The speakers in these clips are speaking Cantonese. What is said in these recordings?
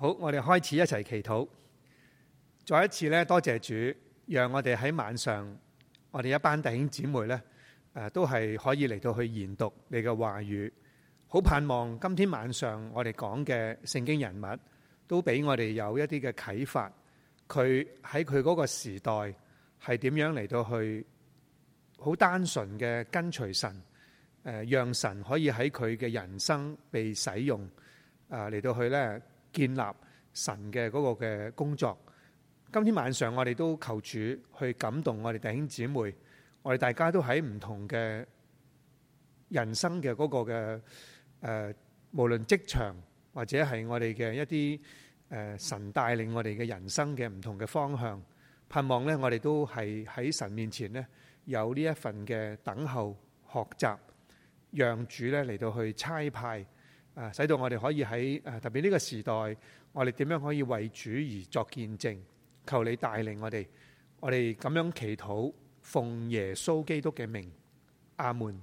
好，我哋開始一齊祈禱。再一次咧，多謝主，讓我哋喺晚上，我哋一班弟兄姊妹咧，誒、呃，都係可以嚟到去研讀你嘅話語。好盼望今天晚上我哋講嘅聖經人物，都俾我哋有一啲嘅啟發。佢喺佢嗰個時代係點樣嚟到去？好單純嘅跟隨神，誒、呃，讓神可以喺佢嘅人生被使用。啊、呃，嚟到去咧。建立神嘅嗰個嘅工作。今天晚上我哋都求主去感動我哋弟兄姊妹，我哋大家都喺唔同嘅人生嘅嗰、那個嘅誒、呃，無論職場或者係我哋嘅一啲誒、呃、神帶領我哋嘅人生嘅唔同嘅方向，盼望咧我哋都係喺神面前咧有呢一份嘅等候學習，讓主咧嚟到去差派。啊！使到我哋可以喺特別呢個時代，我哋點樣可以為主而作見證？求你帶領我哋，我哋咁樣祈禱，奉耶穌基督嘅名，阿門。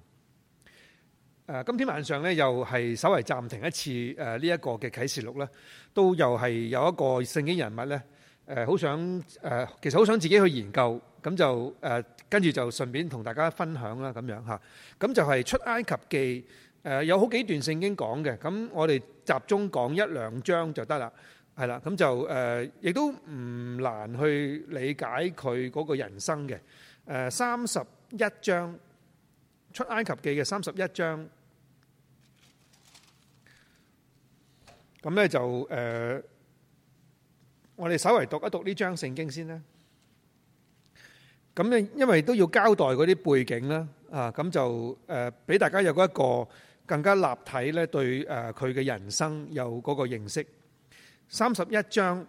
今天晚上呢又係稍為暫停一次呢一個嘅啟示錄啦，都又係有一個聖經人物呢，好想其實好想自己去研究，咁就跟住就順便同大家分享啦咁樣嚇。咁就係出埃及記。誒，有好幾段聖經講嘅，咁我哋集中講一兩章就得啦，係啦，咁就誒，亦都唔難去理解佢嗰個人生嘅。誒，三十一章，出埃及記嘅三十一章，咁咧就誒，我哋稍為讀一讀呢章聖經先啦。咁咧，因為都要交代嗰啲背景啦，啊，咁就誒，俾大家有嗰一個。更加立體咧，對誒佢嘅人生有嗰個認識。三十一章，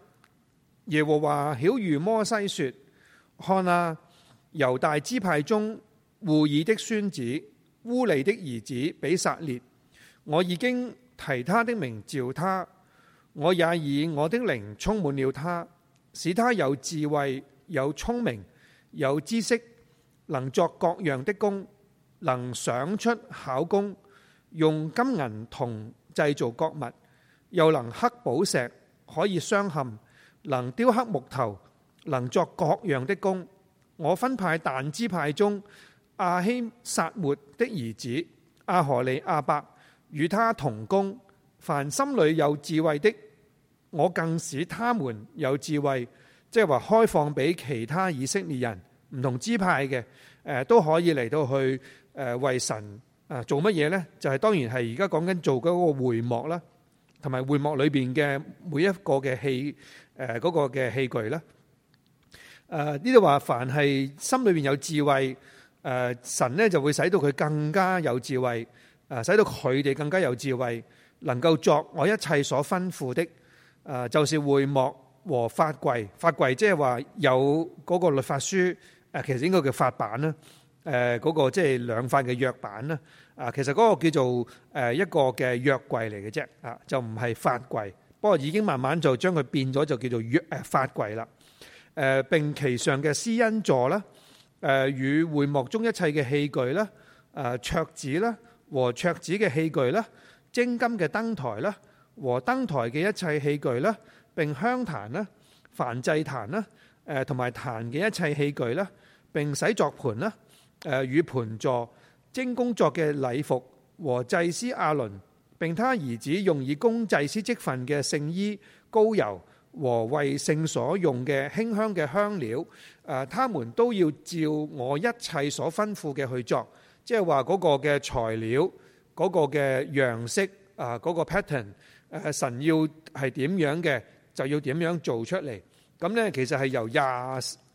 耶和華曉諭摩西說：「看啊，猶大支派中戶珥的孫子烏利的兒子比撒列，我已經提他的名召他，我也以我的靈充滿了他，使他有智慧、有聰明、有知識，能作各樣的工，能想出巧工。」用金銀銅製造國物，又能刻寶石，可以鑲嵌，能雕刻木頭，能作各樣的工。我分派但支派中亞希撒末的兒子阿何利阿伯與他同工。凡心裏有智慧的，我更使他們有智慧。即係話開放俾其他以色列人唔同支派嘅，誒都可以嚟到去，誒為神。啊，做乜嘢呢？就係、是、當然係而家講緊做嗰個會幕啦，同埋會幕裏邊嘅每一個嘅器誒，嗰、呃那個嘅器具啦。誒、呃，呢度話凡係心裏邊有智慧，誒、呃，神呢就會使到佢更加有智慧，誒，使到佢哋更加有智慧，能夠作我一切所吩咐的。誒、呃，就是會幕和法櫃，法櫃即係話有嗰個律法書，誒、呃，其實應該叫法版啦。誒嗰、呃那個即係兩塊嘅約板啦，啊，其實嗰個叫做誒、呃、一個嘅約櫃嚟嘅啫，啊，就唔係法櫃，不過已經慢慢就將佢變咗就叫做約誒、啊、法櫃啦。誒、呃、並其上嘅施恩座啦，誒、呃、與會幕中一切嘅器具啦，誒、呃、桌子啦和桌子嘅器具啦，精金嘅燈台啦和燈台嘅一切器具啦，並香壇啦、燔祭壇啦，誒同埋壇嘅一切器具啦，並洗濯盤啦。誒與盆座、精工作嘅禮服和祭司亞倫，並他兒子用以供祭司職分嘅聖衣、膏油和為聖所用嘅馨香嘅香料，誒，他們都要照我一切所吩咐嘅去作。即係話嗰個嘅材料、嗰、嗰個嘅樣式、啊、嗰、嗰個 pattern，神要係點樣嘅，就要點樣做出嚟。咁呢其實係由廿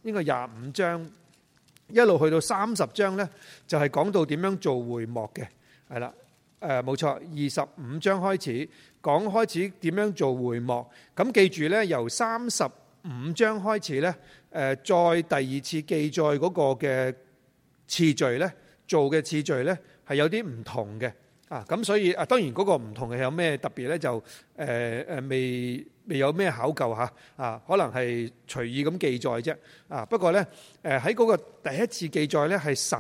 應該廿五章。一路去到三十章呢，就係、是、講到點樣做會幕嘅，係啦，誒、呃，冇錯，二十五章開始講開始點樣做會幕，咁記住呢，由三十五章開始呢，誒、呃，再第二次記載嗰個嘅次序呢，做嘅次序呢，係有啲唔同嘅。啊，咁所以啊，當然嗰個唔同嘅，有咩特別呢？就誒誒、呃啊、未未有咩考究嚇啊，啊，可能係隨意咁記載啫。啊，不過呢，誒喺嗰個第一次記載呢，係神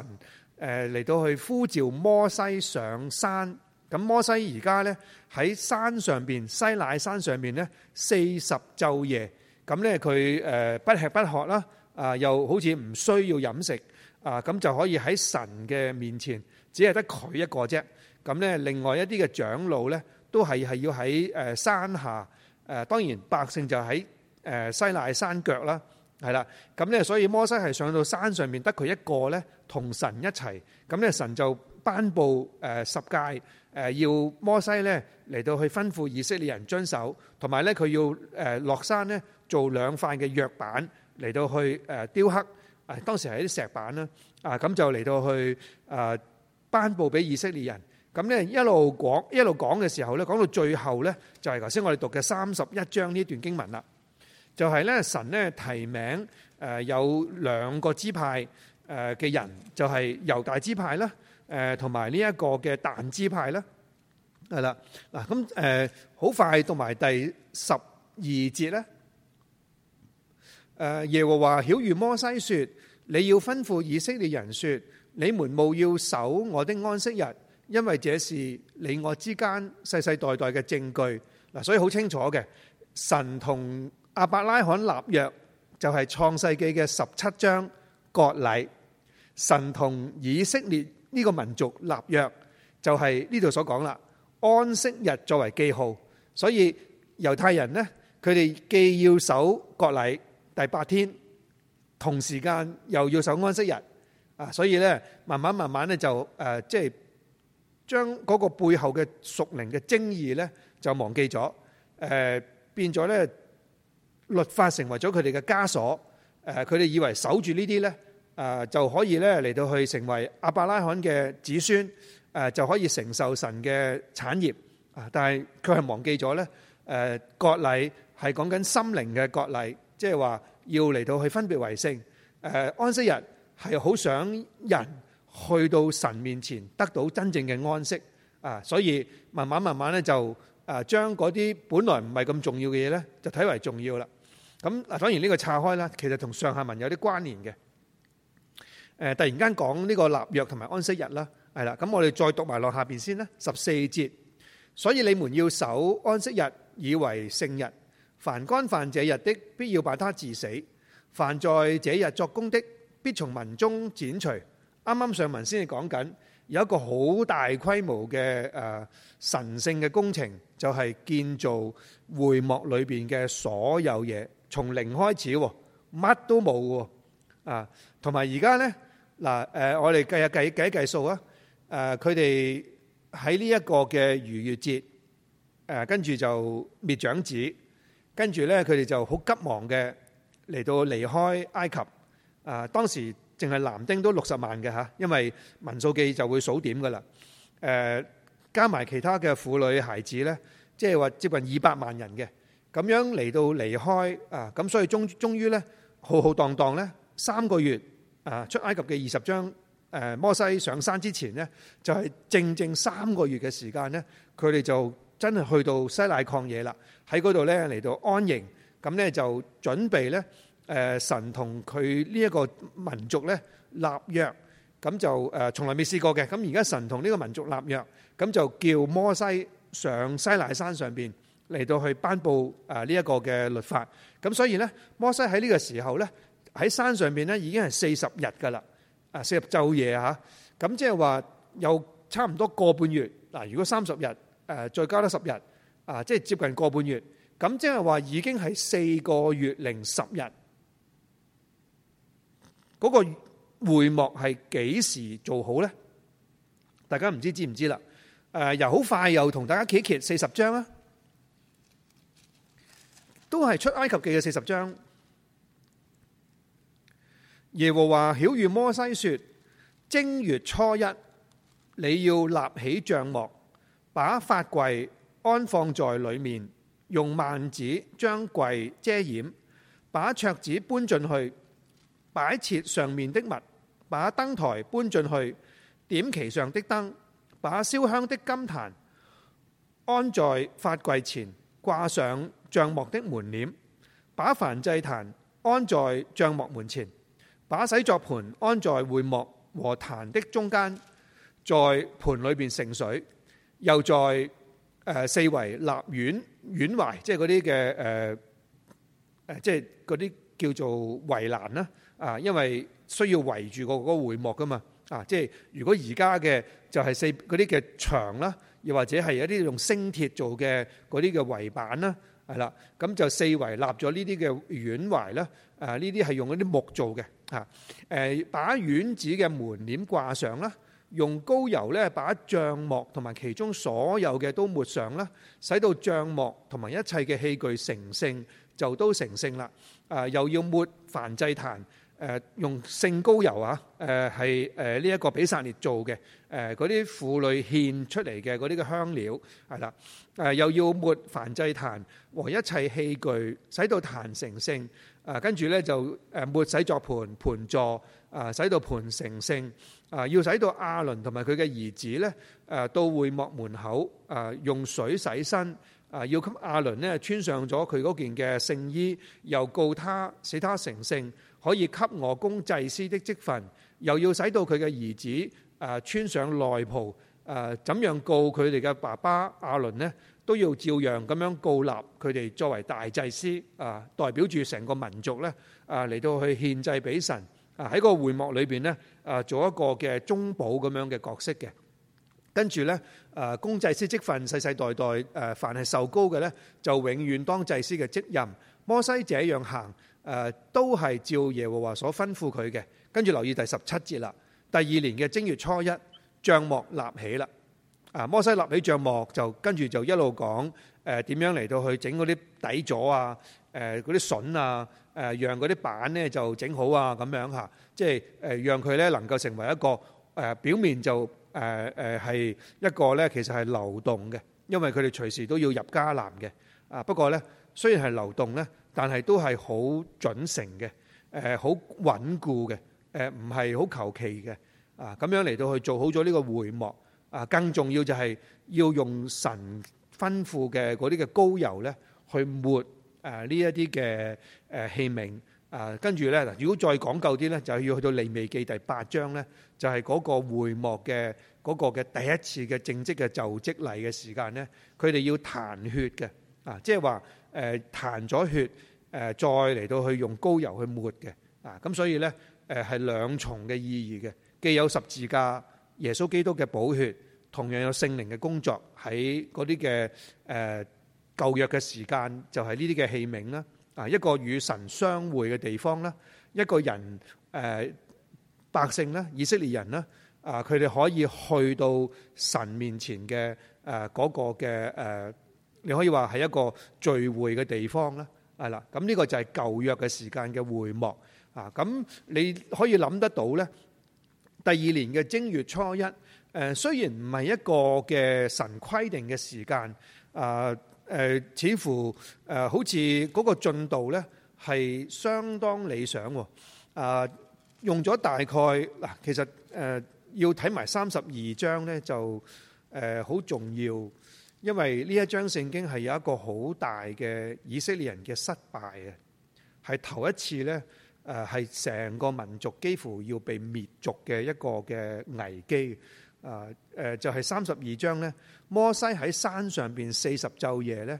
誒嚟、啊、到去呼召摩西上山。咁摩西而家呢，喺山上邊西乃山上面呢，四十晝夜，咁呢，佢誒不吃不喝啦啊，又好似唔需要飲食啊，咁就可以喺神嘅面前，只係得佢一個啫。咁咧，另外一啲嘅長老咧，都係係要喺誒山下誒，當然百姓就喺誒西奈山腳啦，係啦。咁咧，所以摩西係上到山上面，得佢一個咧，同神一齊。咁咧，神就頒布誒十誡誒，要摩西咧嚟到去吩咐以色列人遵守，同埋咧佢要誒落山咧做兩塊嘅約板嚟到去誒雕刻。啊，當時係啲石板啦，啊咁就嚟到去誒，頒布俾以色列人。咁咧，一路講一路講嘅時候咧，講到最後咧就係頭先我哋讀嘅三十一章呢一段經文啦，就係咧神咧，提名誒有兩個支派誒嘅人，就係猶大支派啦誒，同埋呢一個嘅但支派啦係啦，嗱，咁誒好快到埋第十二節咧誒，耶和華曉諭摩西說：你要吩咐以色列人說，你們務要守我的安息日。因為這是你我之間世世代代嘅證據嗱，所以好清楚嘅。神同亞伯拉罕立約就係創世紀嘅十七章割禮，神同以色列呢個民族立約就係呢度所講啦，安息日作為記號，所以猶太人咧，佢哋既要守割禮第八天，同時間又要守安息日啊，所以咧慢慢慢慢咧就誒即係，將嗰個背後嘅屬靈嘅精義咧，就忘記咗。誒、呃、變咗咧，律法成為咗佢哋嘅枷鎖。誒，佢哋以為守住這些呢啲咧，啊、呃、就可以咧嚟到去成為亞伯拉罕嘅子孫。誒、呃、就可以承受神嘅產業。啊，但係佢係忘記咗咧。誒，割禮係講緊心靈嘅割禮，即係話要嚟到去分別為聖。誒、呃、安息日係好想人。去到神面前得到真正嘅安息啊！所以慢慢慢慢咧就啊，將嗰啲本來唔係咁重要嘅嘢咧，就睇為重要啦。咁嗱，講完呢個岔開啦，其實同上下文有啲關聯嘅。誒，突然間講呢個立約同埋安息日啦，係啦。咁我哋再讀埋落下邊先啦，十四節。所以你們要守安息日以為聖日，凡干犯這日的，必要把他治死；凡在這日作工的，必從民中剪除。啱啱上文先至講緊有一個好大規模嘅誒神聖嘅工程，就係建造會幕裏邊嘅所有嘢，從零開始喎，乜都冇喎啊！同埋而家咧嗱誒，我哋計下計計一計數啊！誒，佢哋喺呢一個嘅逾越節誒，跟住就滅長子，跟住咧佢哋就好急忙嘅嚟到離開埃及啊！當時。淨係男丁都六十萬嘅吓，因為民數記就會數點噶啦。誒，加埋其他嘅婦女孩子咧，即係話接近二百萬人嘅，咁樣嚟到離開啊，咁所以終終於咧浩浩蕩蕩咧三個月啊，出埃及嘅二十章，誒摩西上山之前咧，就係正正三個月嘅時間咧，佢哋就真係去到西奈曠野啦，喺嗰度咧嚟到安營，咁咧就準備咧。誒神同佢呢一個民族咧立約，咁就誒從來未試過嘅。咁而家神同呢個民族立約，咁就叫摩西上西奈山上邊嚟到去頒布誒呢一個嘅律法。咁所以呢，摩西喺呢個時候呢，喺山上面呢已經係四十日㗎啦，啊四十晝夜嚇。咁即係話有差唔多個半月嗱。如果三十日誒再加多十日啊，即係接近個半月。咁即係話已經係四個月零十日。嗰個會幕係幾時做好呢？大家唔知道知唔知啦？誒、呃，又好快又同大家揭揭四十章啦，都係出埃及記嘅四十章。耶和華曉諭摩西說：正月初一，你要立起帳幕，把法櫃安放在裏面，用幔子將櫃遮掩，把桌子搬進去。擺設上面的物，把燈台搬進去，點其上的燈，把燒香的金壇安在法櫃前，掛上帳幕的門簾，把燔祭壇安在帳幕門前，把洗濯盆安在會幕和壇的中間，在盆裏邊盛水，又在誒四圍立院院帷，即係嗰啲嘅誒即係嗰啲叫做圍欄啦。啊，因為需要圍住個嗰個會幕噶嘛，啊，即係如果而家嘅就係四嗰啲嘅牆啦，又或者係一啲用生鐵做嘅嗰啲嘅圍板啦，係啦，咁就四圍立咗呢啲嘅院圍啦，啊，呢啲係用一啲木做嘅，嚇，誒，把院子嘅門簾掛上啦，用膏油咧把帳幕同埋其中所有嘅都抹上啦，使到帳幕同埋一切嘅器具成聖就都成聖啦，啊，又要抹燔祭壇。誒用聖膏油啊！誒係誒呢一個比撒列做嘅誒嗰啲婦女獻出嚟嘅嗰啲嘅香料係啦！誒又要抹凡祭壇和一切器具，使到壇成聖。誒跟住咧就誒抹洗作盤盤座，誒使到盤成聖。啊，要使到亞倫同埋佢嘅兒子咧誒到會幕門口誒用水洗身。啊，要給亞倫呢穿上咗佢嗰件嘅聖衣，又告他，使他成聖。可以給我供祭司的職份，又要使到佢嘅兒子啊穿上內袍。啊，怎樣告佢哋嘅爸爸亞倫呢，都要照樣咁樣告納佢哋作為大祭司啊，代表住成個民族咧啊嚟到去獻祭俾神啊喺個會幕裏邊呢，啊做一個嘅中保咁樣嘅角色嘅。跟住呢，啊，供祭司職份世世代代誒，凡係受膏嘅呢，就永遠當祭司嘅職任。摩西這樣行。誒都係照耶和華所吩咐佢嘅，跟住留意第十七節啦。第二年嘅正月初一，帳幕立起啦。啊，摩西立起帳幕，就跟住就一路講誒點樣嚟到去整嗰啲底座啊、誒嗰啲榫啊、誒、呃、讓嗰啲板呢就整好啊咁樣嚇，即係誒、呃、讓佢咧能夠成為一個誒、呃、表面就誒誒係一個咧其實係流動嘅，因為佢哋隨時都要入迦南嘅。啊、呃、不過咧。雖然係流動咧，但係都係好準成嘅，誒好穩固嘅，誒唔係好求其嘅，啊咁樣嚟到去做好咗呢個會幕，啊更重要就係要用神吩咐嘅嗰啲嘅膏油咧去抹誒呢一啲嘅誒器皿，啊跟住咧，嗱如果再講究啲咧，就要去到利未記第八章咧，就係、是、嗰個會幕嘅嗰、那個嘅第一次嘅正式嘅就職禮嘅時間咧，佢哋要彈血嘅，啊即係話。就是誒彈咗血，誒、呃、再嚟到去用膏油去抹嘅，啊咁所以呢，誒係兩重嘅意義嘅，既有十字架耶穌基督嘅寶血，同樣有聖靈嘅工作喺嗰啲嘅誒舊約嘅時間，就係呢啲嘅器皿啦，啊一個與神相會嘅地方啦、啊，一個人誒、呃、百姓啦、啊，以色列人啦，啊佢哋可以去到神面前嘅誒嗰個嘅誒。呃你可以話係一個聚會嘅地方啦，係啦，咁呢個就係舊約嘅時間嘅回幕。啊。咁你可以諗得到呢，第二年嘅正月初一，誒、呃、雖然唔係一個嘅神規定嘅時間，啊、呃、誒、呃，似乎誒、呃、好似嗰個進度呢係相當理想喎。啊、呃，用咗大概嗱、呃，其實誒、呃、要睇埋三十二章呢就誒好、呃、重要。因為呢一章聖經係有一個好大嘅以色列人嘅失敗啊，係頭一次呢，誒係成個民族幾乎要被滅族嘅一個嘅危機啊，誒就係三十二章呢，摩西喺山上邊四十晝夜呢，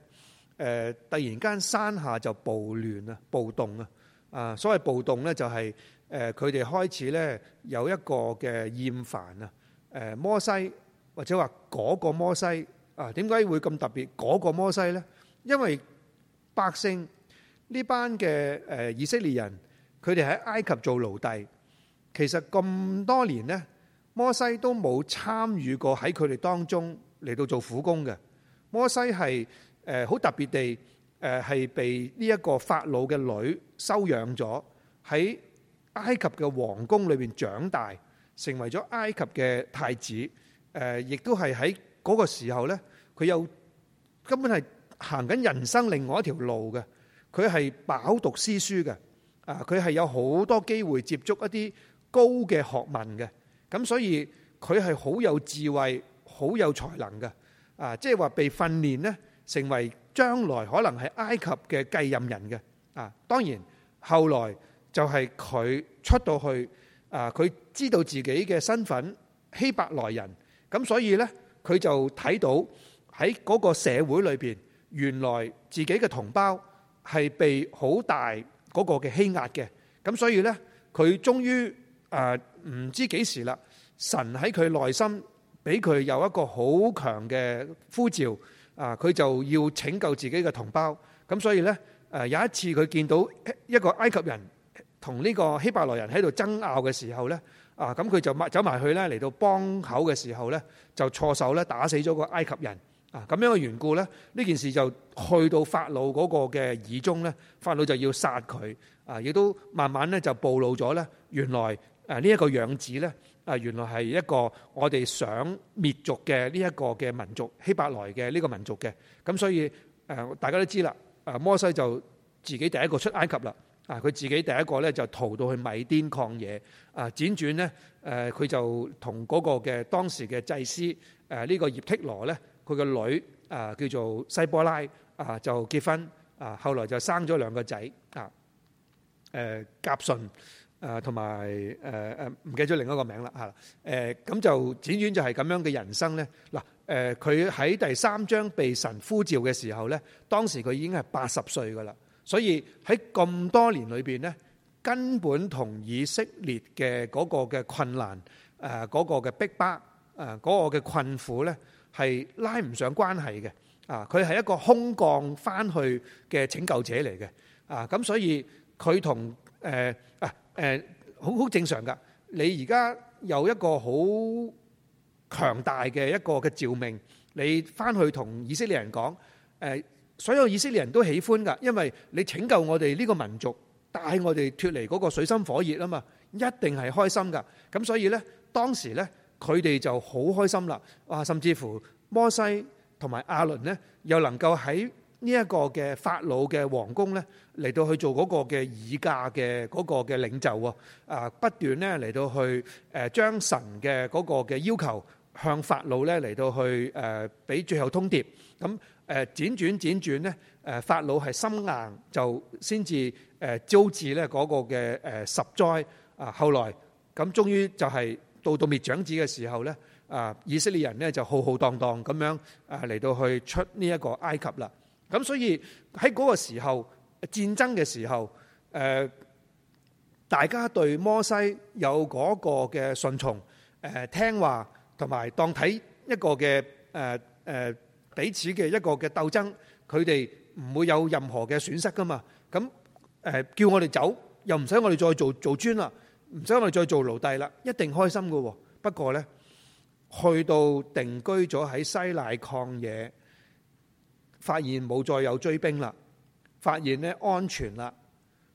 誒突然間山下就暴亂啊，暴動啊，啊所謂暴動呢，就係誒佢哋開始呢有一個嘅厭煩啊，誒摩西或者話嗰個摩西。啊，點解會咁特別？嗰、那個摩西呢，因為百姓呢班嘅誒、呃、以色列人，佢哋喺埃及做奴隸，其實咁多年呢，摩西都冇參與過喺佢哋當中嚟到做苦工嘅。摩西係誒好特別地誒，係、呃、被呢一個法老嘅女收養咗，喺埃及嘅皇宮裏邊長大，成為咗埃及嘅太子。誒、呃，亦都係喺嗰個時候呢，佢又根本係行緊人生另外一條路嘅，佢係飽讀詩書嘅，啊，佢係有好多機會接觸一啲高嘅學問嘅，咁所以佢係好有智慧、好有才能嘅，啊，即係話被訓練呢成為將來可能係埃及嘅繼任人嘅，啊，當然後來就係佢出到去，啊，佢知道自己嘅身份，希伯來人，咁所以呢。佢就睇到喺嗰個社會裏邊，原來自己嘅同胞係被好大嗰個嘅欺壓嘅。咁所以呢，佢終於啊唔知幾時啦，神喺佢內心俾佢有一個好強嘅呼召啊！佢就要拯救自己嘅同胞。咁所以呢，誒有一次佢見到一個埃及人同呢個希伯來人喺度爭拗嘅時候呢。啊！咁佢就埋走埋去咧，嚟到幫口嘅時候咧，就錯手咧打死咗個埃及人。啊，咁樣嘅緣故咧，呢件事就去到法老嗰個嘅耳中咧，法老就要殺佢。啊，亦都慢慢咧就暴露咗咧，原來誒呢一個樣子咧，啊，原來係一個我哋想滅族嘅呢一個嘅民族希伯來嘅呢個民族嘅。咁所以誒，大家都知啦。誒摩西就自己第一個出埃及啦。啊！佢自己第一個咧就逃到去米甸曠野啊！輾轉咧，誒、啊、佢就同嗰個嘅當時嘅祭司誒呢、啊這個葉剔羅咧，佢個女啊叫做西波拉啊就結婚啊，後來就生咗兩個仔啊，誒甲順啊同埋誒誒唔記得咗另一個名啦，嚇，誒，咁就輾轉就係咁樣嘅人生咧，嗱，誒佢喺第三章被神呼召嘅時候咧，當時佢已經係八十歲噶啦。所以喺咁多年裏邊咧，根本同以色列嘅嗰個嘅困難，誒嗰個嘅逼迫，誒嗰個嘅困苦咧，係拉唔上關係嘅。啊，佢係一個空降翻去嘅拯救者嚟嘅。啊，咁所以佢同誒啊誒，好好正常㗎。你而家有一個好強大嘅一個嘅召命，你翻去同以色列人講誒。所有以色列人都喜歡噶，因為你拯救我哋呢個民族，帶我哋脫離嗰個水深火熱啊嘛，一定係開心噶。咁所以咧，當時咧，佢哋就好開心啦。哇，甚至乎摩西同埋亞倫咧，又能夠喺呢一個嘅法老嘅皇宮咧，嚟到去做嗰個嘅以家嘅嗰個嘅領袖喎。啊，不斷咧嚟到去誒將神嘅嗰個嘅要求向法老咧嚟到去誒俾最後通牒咁。誒輾轉輾轉咧，誒法老係心硬，就先至誒招致咧嗰個嘅誒十災啊！後來咁，終於就係到到滅長子嘅時候咧啊！以色列人呢就浩浩蕩蕩咁樣啊嚟到去出呢一個埃及啦。咁所以喺嗰個時候戰爭嘅時候，誒大家對摩西有嗰個嘅順從、誒聽話同埋當睇一個嘅誒誒。呃呃彼此嘅一個嘅鬥爭，佢哋唔會有任何嘅損失噶嘛。咁誒、呃、叫我哋走，又唔使我哋再做做磚啦，唔使我哋再做奴隸啦，一定開心嘅、哦。不過咧，去到定居咗喺西奈曠野，發現冇再有追兵啦，發現咧安全啦，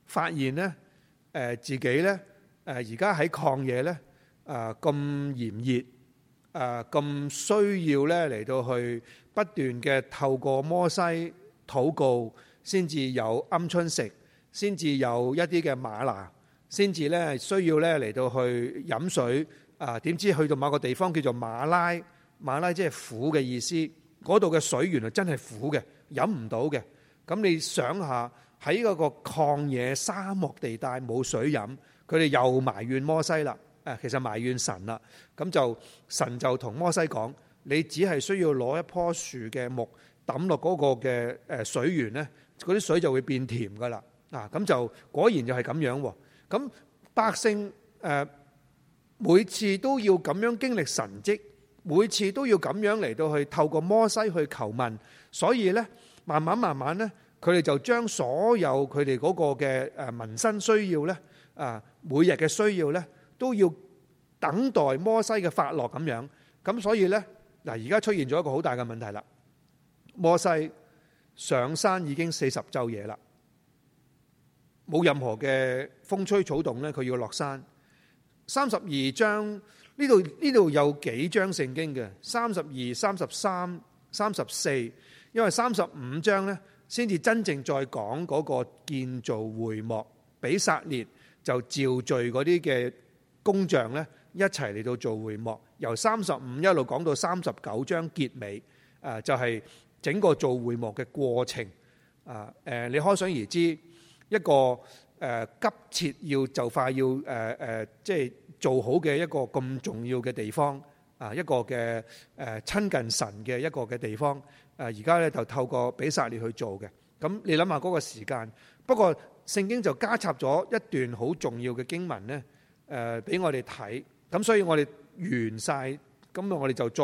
發現咧誒、呃、自己咧誒而家喺曠野咧啊咁炎熱啊咁需要咧嚟到去。不斷嘅透過摩西禱告，先至有鵪鶉食，先至有一啲嘅瑪拿，先至咧需要咧嚟到去飲水啊！點知去到某個地方叫做馬拉，馬拉即係苦嘅意思。嗰度嘅水原來真係苦嘅，飲唔到嘅。咁你想下喺嗰個曠野沙漠地帶冇水飲，佢哋又埋怨摩西啦。誒、啊，其實埋怨神啦。咁就神就同摩西講。你只係需要攞一棵樹嘅木抌落嗰個嘅誒水源呢，嗰啲水就會變甜噶啦啊！咁就果然就係咁樣喎。咁、啊、百姓誒每次都要咁樣經歷神蹟，每次都要咁樣嚟到去透過摩西去求問。所以呢，慢慢慢慢呢，佢哋就將所有佢哋嗰個嘅誒民生需要呢，啊，每日嘅需要呢，都要等待摩西嘅發落咁樣。咁所以呢。嗱，而家出現咗一個好大嘅問題啦！摩西上山已經四十晝夜啦，冇任何嘅風吹草動咧，佢要落山。三十二章呢度呢度有幾章聖經嘅？三十二、三十三、三十四，因為三十五章咧，先至真正再講嗰個建造會幕。比撒列就招聚嗰啲嘅工匠咧，一齊嚟到做會幕。由三十五一路講到三十九章結尾，誒就係整個做會幕嘅過程，啊誒，你可想而知一個誒急切要就快要誒誒，即係做好嘅一個咁重要嘅地方，啊一個嘅誒親近神嘅一個嘅地方，誒而家咧就透過比撒列去做嘅，咁你諗下嗰個時間。不過聖經就加插咗一段好重要嘅經文咧，誒俾我哋睇，咁所以我哋。完晒，咁啊！我哋就再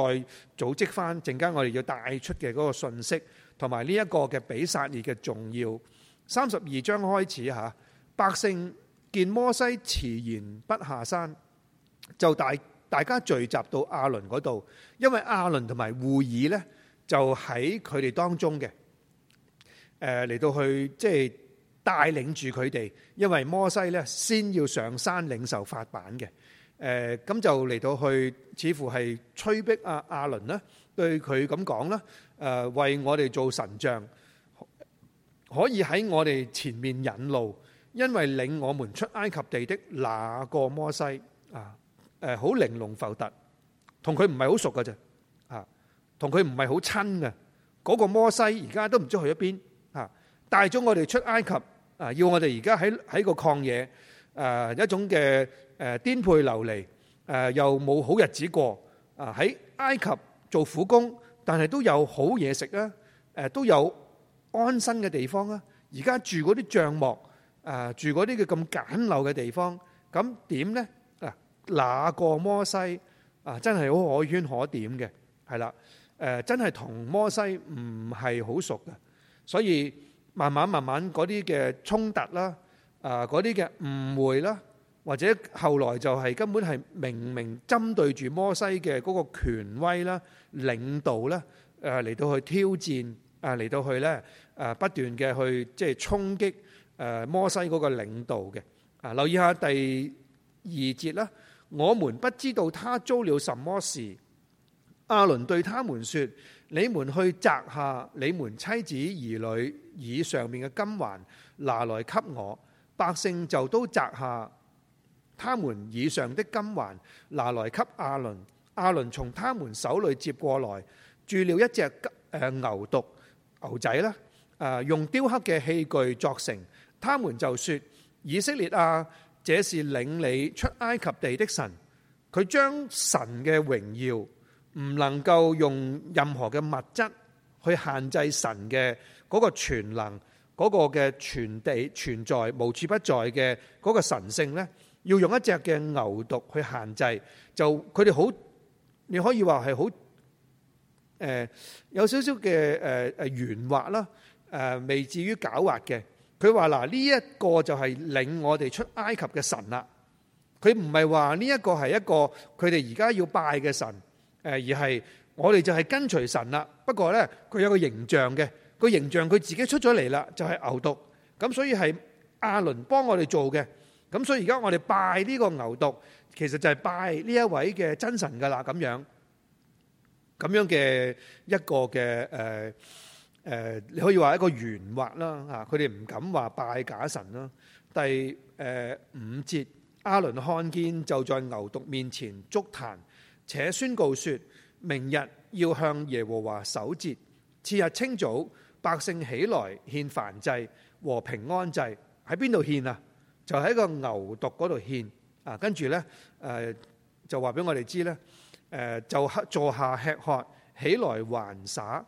組織翻陣間，我哋要帶出嘅嗰個信息，同埋呢一個嘅比撒列嘅重要。三十二章開始嚇，百姓見摩西遲延不下山，就大大家聚集到亞倫嗰度，因為亞倫同埋戶珥呢，就喺佢哋當中嘅。誒、呃、嚟到去即係帶領住佢哋，因為摩西呢，先要上山領受法版嘅。誒咁就嚟到去，似乎係催逼阿亞倫啦，對佢咁講啦。誒，為我哋做神像，可以喺我哋前面引路，因為領我們出埃及地的那個摩西啊。誒，好玲瓏浮凸，同佢唔係好熟嘅啫。啊，同佢唔係好親嘅。嗰個摩西而家都唔知去咗邊。啊，帶咗我哋出埃及啊，要我哋而家喺喺個曠野，誒一種嘅。誒顛沛流離，誒又冇好日子過，啊喺埃及做苦工，但係都有好嘢食啊，誒都有安身嘅地方啊，而家住嗰啲帳幕，啊住嗰啲嘅咁簡陋嘅地方，咁點呢？嗱，嗰個摩西啊，真係好可圈可點嘅，係啦，誒真係同摩西唔係好熟嘅，所以慢慢慢慢嗰啲嘅衝突啦，啊嗰啲嘅誤會啦。或者後來就係根本係明明針對住摩西嘅嗰個權威啦、領導咧，誒嚟到去挑戰啊，嚟到去咧誒不斷嘅去即係衝擊誒摩西嗰個領導嘅啊。留意下第二節啦，我們不知道他遭了什麼事。亞倫對他們説：你們去摘下你們妻子、兒女耳上面嘅金環，拿來給我。百姓就都摘下。他們以上的金環拿來給亞倫，亞倫從他們手裏接過來，鑄了一隻誒牛犢牛仔啦，誒用雕刻嘅器具作成。他們就說：以色列啊，這是領你出埃及地的神，佢將神嘅榮耀唔能夠用任何嘅物質去限制神嘅嗰個全能，嗰、那個嘅全地存在無處不在嘅嗰個神聖呢。要用一隻嘅牛犢去限制，就佢哋好，你可以話係好，誒、呃、有少少嘅誒誒圓滑啦，誒、呃、未至於狡猾嘅。佢話嗱呢一個就係領我哋出埃及嘅神啦，佢唔係話呢一個係一個佢哋而家要拜嘅神，誒、呃、而係我哋就係跟隨神啦。不過呢，佢有個形象嘅，那個形象佢自己出咗嚟啦，就係、是、牛犢，咁所以係亞倫幫我哋做嘅。咁所以而家我哋拜呢個牛犢，其實就係拜呢一位嘅真神噶啦，咁樣咁樣嘅一個嘅誒誒，你可以話一個圓滑啦吓，佢哋唔敢話拜假神啦。第誒、呃、五節，亞倫看見，就在牛犢面前築壇，且宣告說：明日要向耶和華守節，次日清早，百姓起來獻燔祭和平安祭，喺邊度獻啊？就喺個牛犢嗰度獻啊，跟住咧誒，就話俾我哋知咧，誒、呃、就坐下吃喝，起來玩耍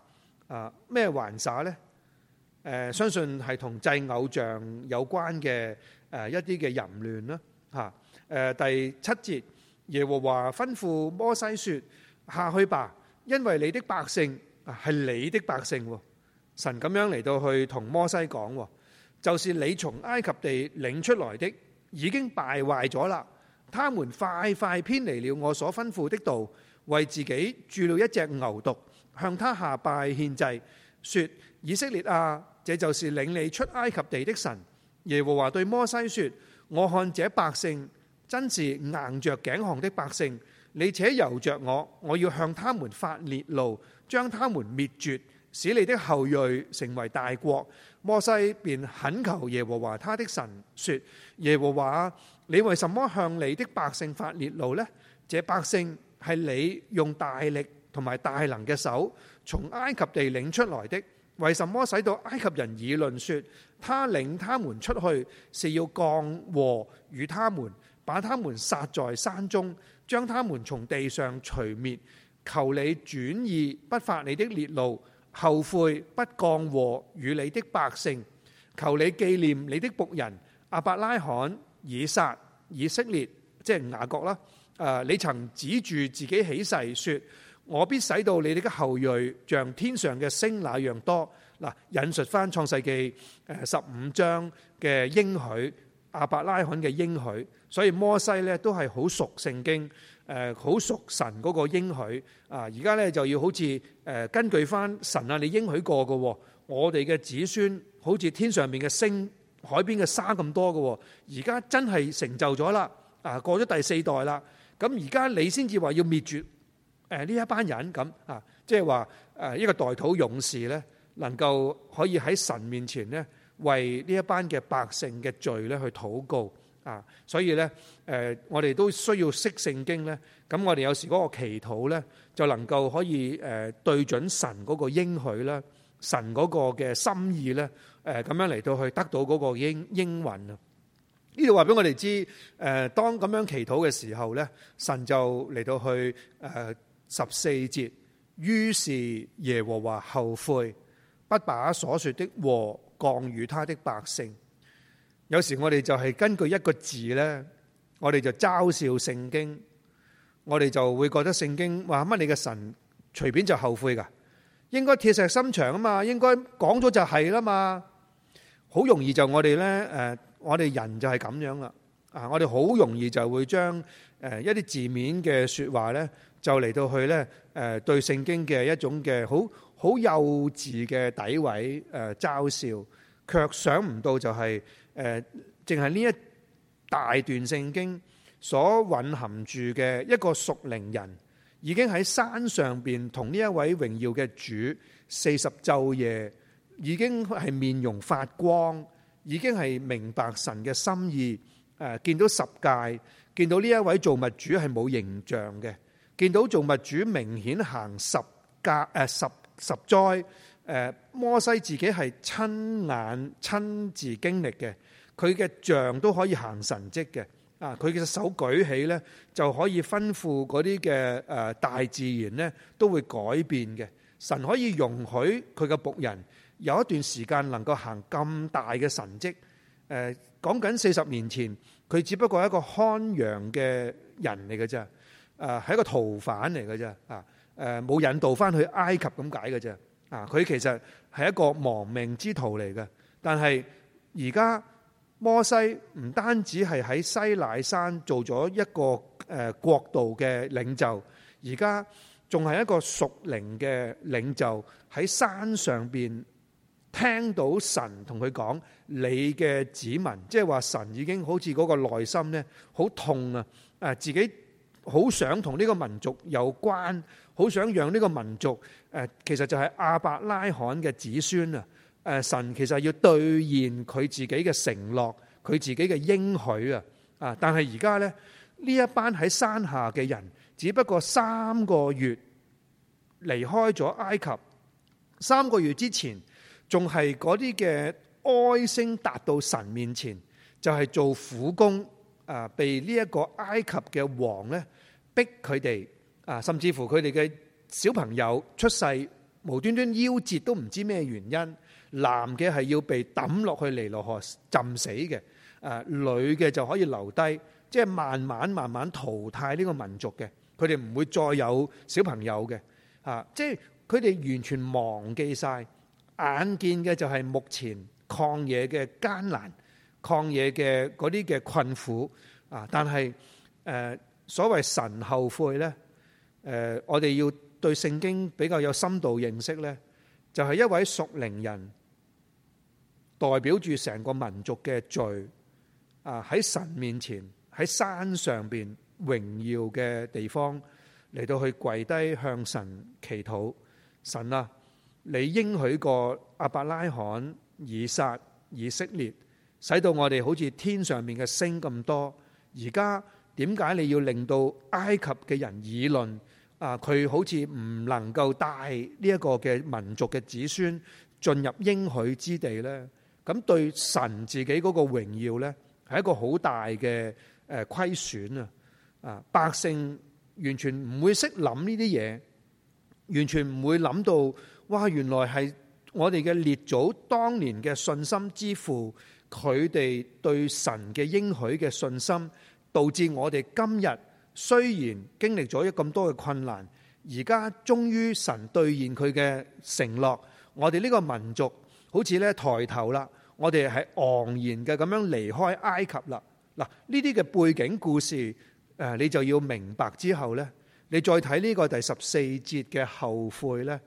啊？咩、呃、玩耍咧？誒、呃，相信係同製偶像有關嘅誒、呃、一啲嘅淫亂啦吓。誒、呃、第七節，耶和華吩咐摩西說：下去吧，因為你的百姓係、呃、你的百姓。神咁樣嚟到去同摩西講。呃就是你從埃及地領出來的已經敗壞咗啦，他們快快偏離了我所吩咐的道，為自己鑄了一隻牛犢，向他下拜獻祭，說：以色列啊，這就是領你出埃及地的神。耶和華對摩西說：我看這百姓真是硬着頸項的百姓，你且由着我，我要向他們發烈怒，將他們滅絕，使你的後裔成為大國。摩西便懇求耶和華他的神說：耶和華，你為什麼向你的百姓發烈怒呢？這百姓係你用大力同埋大能嘅手從埃及地領出來的，為什麼使到埃及人議論說他領他們出去是要降禍與他們，把他們殺在山中，將他們從地上除滅？求你轉意，不發你的烈怒。後悔不降禍與你的百姓，求你紀念你的僕人亞伯拉罕、以撒、以色列，即係雅各啦。你曾指住自己起誓說：我必使到你哋嘅後裔像天上嘅星那樣多。嗱，引述翻創世記誒十五章嘅應許，亞伯拉罕嘅應許。所以摩西呢，都係好熟聖經。誒好熟神嗰個應許啊！而家咧就要好似、呃、根據翻神啊，你應許過嘅、哦，我哋嘅子孫好似天上面嘅星、海邊嘅沙咁多嘅、哦。而家真係成就咗啦！啊，過咗第四代啦。咁而家你先至話要滅絕、呃、呢一班人咁啊，即係話、呃、一個代禱勇士咧，能夠可以喺神面前咧，為呢一班嘅百姓嘅罪咧去禱告。啊，所以咧，誒、呃，我哋都需要識聖經咧，咁我哋有時嗰個祈禱咧就能夠可以誒、呃、對準神嗰個應許咧，神嗰個嘅心意咧，誒、呃、咁樣嚟到去得到嗰個應應允啊！呢度話俾我哋知，誒、呃，當咁樣祈禱嘅時候咧，神就嚟到去誒、呃、十四節，於是耶和華後悔，不把所說的禍降與他的百姓。有時我哋就係根據一個字咧，我哋就嘲笑聖經，我哋就會覺得聖經話，乜你嘅神隨便就後悔噶應該鐵石心腸啊嘛，應該講咗就係啦嘛，好容易就我哋咧誒，我哋人就係咁樣啦，啊，我哋好容易就會將誒一啲字面嘅說話咧，就嚟到去咧誒，對聖經嘅一種嘅好好幼稚嘅詆毀誒嘲笑，卻想唔到就係、是。誒，淨係呢一大段聖經所蘊含住嘅一個屬靈人，已經喺山上邊同呢一位榮耀嘅主四十晝夜，已經係面容發光，已經係明白神嘅心意。誒、呃，見到十戒，見到呢一位造物主係冇形象嘅，見到造物主明顯行十格誒、呃、十十災。誒摩西自己係親眼親自經歷嘅，佢嘅像都可以行神蹟嘅，啊，佢嘅手舉起呢，就可以吩咐嗰啲嘅誒大自然呢都會改變嘅。神可以容許佢嘅僕人有一段時間能夠行咁大嘅神蹟。誒講緊四十年前，佢只不過係一個看羊嘅人嚟嘅啫，誒係一個逃犯嚟嘅啫，啊，誒冇引導返去埃及咁解嘅啫。啊！佢其實係一個亡命之徒嚟嘅，但係而家摩西唔單止係喺西乃山做咗一個誒國度嘅領袖，而家仲係一個屬靈嘅領袖喺山上邊聽到神同佢講，你嘅子民，即係話神已經好似嗰個內心咧好痛啊！啊，自己好想同呢個民族有關。好想讓呢個民族誒，其實就係亞伯拉罕嘅子孫啊！誒，神其實要兌現佢自己嘅承諾，佢自己嘅應許啊！啊，但係而家呢，呢一班喺山下嘅人，只不過三個月離開咗埃及，三個月之前仲係嗰啲嘅哀聲達到神面前，就係、是、做苦工啊，被呢一個埃及嘅王呢逼佢哋。啊，甚至乎佢哋嘅小朋友出世，無端端夭折都唔知咩原因。男嘅係要被抌落去尼羅河浸死嘅，啊，女嘅就可以留低，即係慢慢慢慢淘汰呢個民族嘅，佢哋唔會再有小朋友嘅，啊，即係佢哋完全忘記晒，眼見嘅就係目前曠野嘅艱難，曠野嘅嗰啲嘅困苦，啊，但係誒，所謂神後悔咧。誒，我哋要對聖經比較有深度認識呢就係、是、一位屬靈人代表住成個民族嘅罪啊，喺神面前喺山上邊榮耀嘅地方嚟到去跪低向神祈禱。神啊，你應許過阿伯拉罕、以撒、以色列，使到我哋好似天上面嘅星咁多。而家點解你要令到埃及嘅人議論？啊！佢好似唔能夠帶呢一個嘅民族嘅子孫進入應許之地呢，咁對神自己嗰個榮耀呢，係一個好大嘅誒虧損啊！百姓完全唔會識諗呢啲嘢，完全唔會諗到哇！原來係我哋嘅列祖當年嘅信心之父，佢哋對神嘅應許嘅信心，導致我哋今日。雖然經歷咗一咁多嘅困難，而家終於神兌現佢嘅承諾，我哋呢個民族好似咧抬頭啦，我哋係昂然嘅咁樣離開埃及啦。嗱，呢啲嘅背景故事，誒，你就要明白之後呢，你再睇呢個第十四節嘅後悔呢。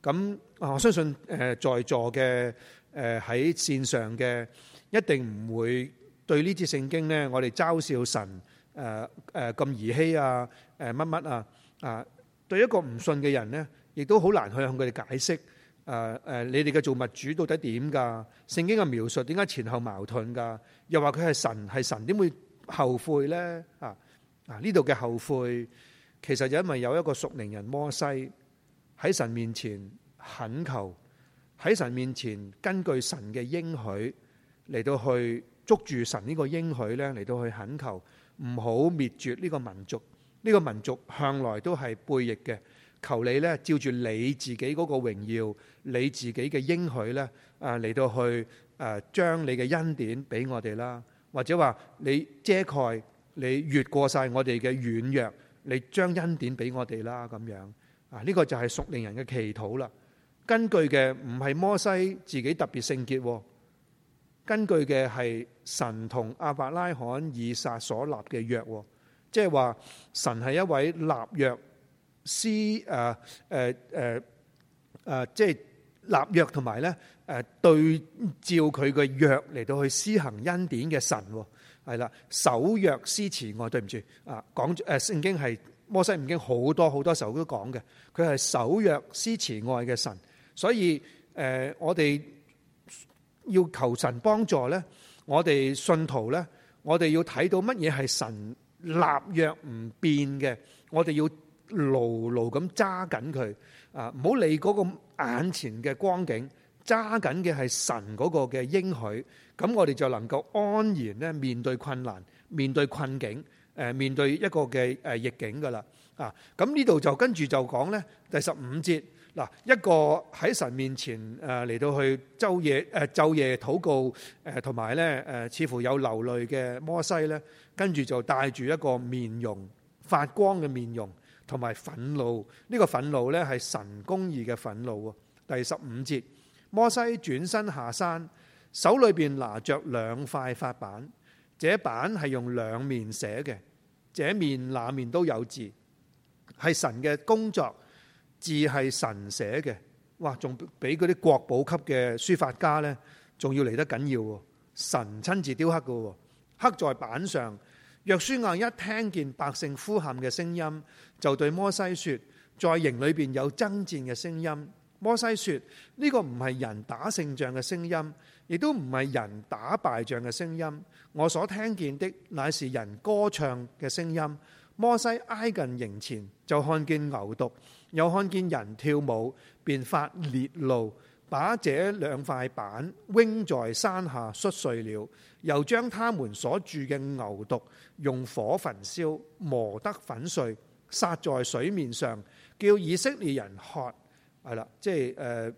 咁我相信誒，在座嘅誒喺綫上嘅一定唔會對呢節聖經呢，我哋嘲笑神。誒誒咁兒戲啊！誒乜乜啊啊！對一個唔信嘅人呢，亦都好難去向佢哋解釋。誒、呃、誒、呃，你哋嘅造物主到底點噶？聖經嘅描述點解前後矛盾噶？又話佢係神，係神點會後悔呢？啊啊！呢度嘅後悔，其實就因為有一個屬靈人摩西喺神面前懇求，喺神面前根據神嘅應許嚟到去捉住神呢個應許呢，嚟到去懇求。唔好滅絕呢個民族，呢個民族向來都係背逆嘅。求你呢，照住你自己嗰個榮耀，你自己嘅應許呢啊嚟到去誒將你嘅恩典俾我哋啦，或者話你遮蓋你越過晒我哋嘅軟弱，你將恩典俾我哋啦咁樣啊，呢個就係屬靈人嘅祈禱啦。根據嘅唔係摩西自己特別聖潔喎。根據嘅係神同亞伯拉罕以撒所立嘅約，即係話神係一位立約施誒誒誒誒，即係立約同埋咧誒對照佢嘅約嚟到去施行恩典嘅神，係啦守約施慈愛，對唔住啊，講誒聖經係摩西五經好多好多時候都講嘅，佢係守約施慈愛嘅神，所以誒、呃、我哋。要求神幫助呢，我哋信徒呢，我哋要睇到乜嘢係神立約唔變嘅，我哋要牢牢咁揸緊佢啊！唔好理嗰個眼前嘅光景，揸緊嘅係神嗰個嘅應許，咁我哋就能夠安然呢面對困難、面對困境、誒面對一個嘅誒逆境噶啦啊！咁呢度就跟住就講呢第十五節。嗱，一個喺神面前誒嚟到去晝夜誒晝夜禱告誒，同埋咧誒似乎有流淚嘅摩西咧，跟住就帶住一個面容發光嘅面容，同埋憤怒。呢個憤怒咧係神公義嘅憤怒。第十五節，摩西轉身下山，手裏邊拿着兩塊法板，這板係用兩面寫嘅，這面那面都有字，係神嘅工作。字係神寫嘅，哇！仲比嗰啲國寶級嘅書法家呢，仲要嚟得緊要。神親自雕刻嘅，刻在板上。約書亞一聽見百姓呼喊嘅聲音，就對摩西説：在營裏邊有爭戰嘅聲音。摩西説：呢、這個唔係人打勝仗嘅聲音，亦都唔係人打敗仗嘅聲音。我所聽見的，乃是人歌唱嘅聲音。摩西挨近營前，就看見牛犢。又看見人跳舞，便發烈怒，把這兩塊板扔在山下摔碎了，又將他們所住嘅牛犢用火焚燒，磨得粉碎，撒在水面上，叫以色列人喝。係啦，即係誒、呃、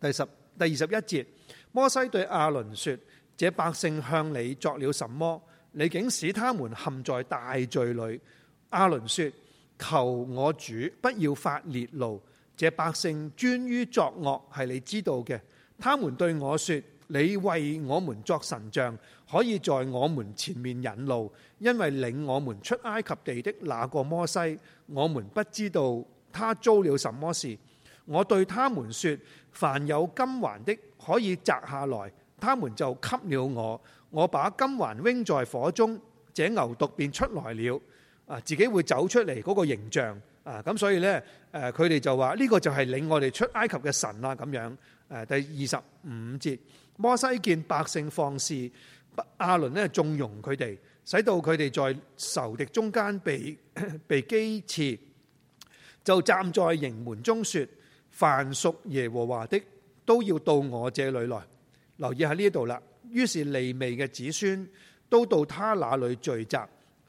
第十第二十一節，摩西對亞倫說：這百姓向你作了什麼？你竟使他們陷在大罪裏。亞倫說。求我主不要發烈怒，這百姓專於作惡，係你知道嘅。他們對我說：你為我們作神像，可以在我們前面引路，因為領我們出埃及地的那個摩西，我們不知道他遭了什麼事。我對他們說：凡有金環的可以摘下來，他們就給了我。我把金環扔在火中，這牛犢便出來了。啊，自己會走出嚟嗰個形象啊，咁所以呢，誒佢哋就話呢個就係領我哋出埃及嘅神啦咁樣。誒第二十五節，摩西見百姓放肆，亞倫呢縱容佢哋，使到佢哋在仇敵中間被 被譏刺，就站在營門中説：凡屬耶和華的，都要到我這裡來。留意喺呢度啦。於是利未嘅子孫都到他那裏聚集。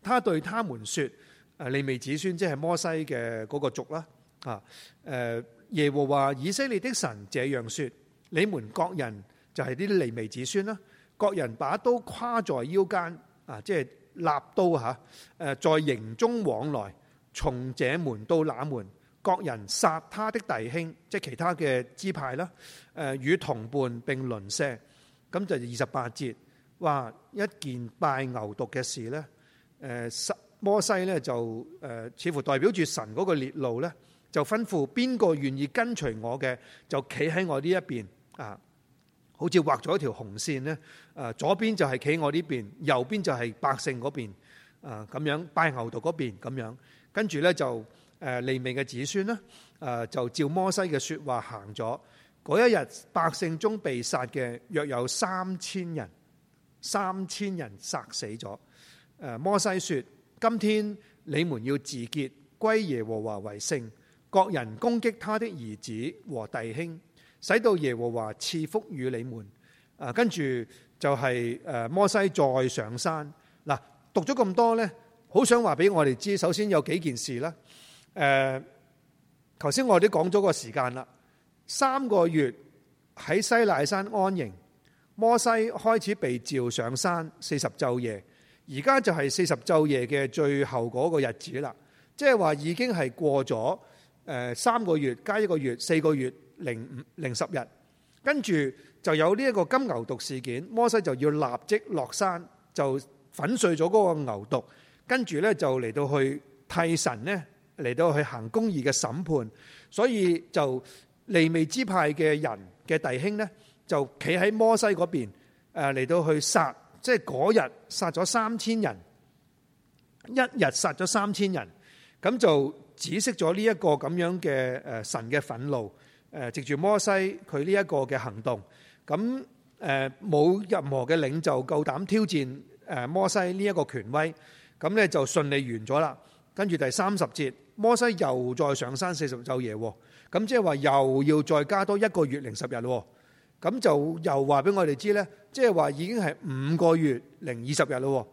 他對他們説：誒利未子孫，即係摩西嘅嗰個族啦。啊，誒耶和華以色列的神這樣説：你們各人就係啲利未子孫啦。各人把刀跨在腰間，啊，即係立刀嚇誒，在營中往來，從這門到那門，各人殺他的弟兄，即係其他嘅支派啦。誒與同伴並鄰舍，咁就二十八節話一件拜牛犢嘅事呢。」誒，摩西呢，就誒，似乎代表住神嗰個列路呢，就吩咐邊個願意跟隨我嘅，就企喺我呢一邊啊，好似畫咗一條紅線呢，誒，左邊就係企我呢邊，右邊就係百姓嗰邊，啊，咁樣拜牛犢嗰邊咁樣，跟住呢，就誒，利未嘅子孫呢，誒，就照摩西嘅說話行咗，嗰一日百姓中被殺嘅約有三千人，三千人殺死咗。誒，摩西說，今天你們要自結歸耶和華為聖，各人攻擊他的兒子和弟兄，使到耶和華賜福於你們。誒，跟住就係誒，摩西再上山嗱。讀咗咁多呢，好想話俾我哋知，首先有幾件事啦。呃，誒，頭先我哋都講咗個時間啦，三個月喺西奈山安營，摩西開始被召上山四十晝夜。而家就係四十晝夜嘅最後嗰個日子啦，即係話已經係過咗誒三個月加一個月四個月零五零十日，跟住就有呢一個金牛犢事件，摩西就要立即落山就粉碎咗嗰個牛犢，跟住呢，就嚟到去替神呢，嚟到去行公義嘅審判，所以就利未支派嘅人嘅弟兄呢，就企喺摩西嗰邊嚟到去殺。即係嗰日殺咗三千人，一日殺咗三千人，咁就止息咗呢一個咁樣嘅誒神嘅憤怒。誒，藉住摩西佢呢一個嘅行動，咁誒冇任何嘅領袖夠膽挑戰誒摩西呢一個權威，咁咧就順利完咗啦。跟住第三十節，摩西又再上山四十晝夜，咁即係話又要再加多一個月零十日。咁就又話俾我哋知呢，即係話已經係五個月零二十日咯，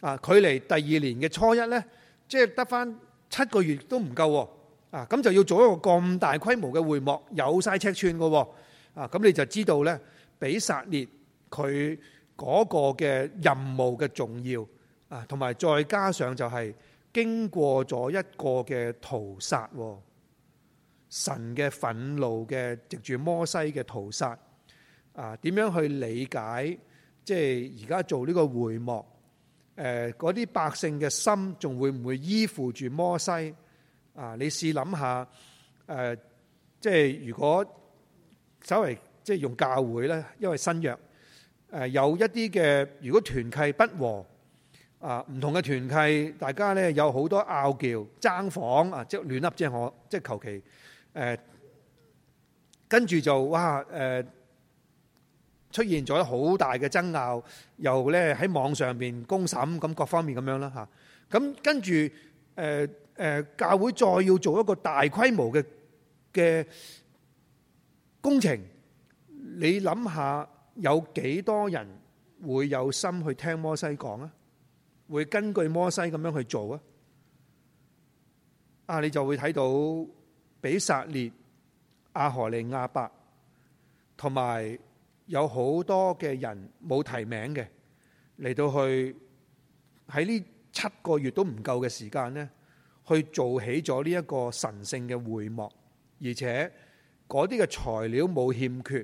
啊，距離第二年嘅初一呢，即係得返七個月都唔夠，啊，咁就要做一個咁大規模嘅會幕，有晒尺寸嘅喎，啊，咁你就知道呢，比撒列佢嗰個嘅任務嘅重要，啊，同埋再加上就係經過咗一個嘅屠殺，神嘅憤怒嘅藉住摩西嘅屠殺。啊，點樣去理解？即係而家做呢個會幕，誒，嗰啲百姓嘅心仲會唔會依附住摩西？啊，你試諗下，誒、呃、即係如果稍為即係用教會咧，因為新約誒、呃、有一啲嘅，如果團契不和啊，唔、呃、同嘅團契，大家咧有好多拗撬、爭房啊，即係亂噏，即係我即係求其誒，跟、呃、住就哇誒！呃出現咗好大嘅爭拗，又咧喺網上邊公審咁各方面咁樣啦嚇。咁跟住誒誒，誒，教會再要做一個大規模嘅嘅工程，你諗下有幾多人會有心去聽摩西講啊？會根據摩西咁樣去做啊？啊，你就會睇到比撒列、阿荷利亞伯同埋。有好多嘅人冇提名嘅，嚟到去喺呢七個月都唔夠嘅時間呢，去做起咗呢一個神聖嘅會幕，而且嗰啲嘅材料冇欠缺，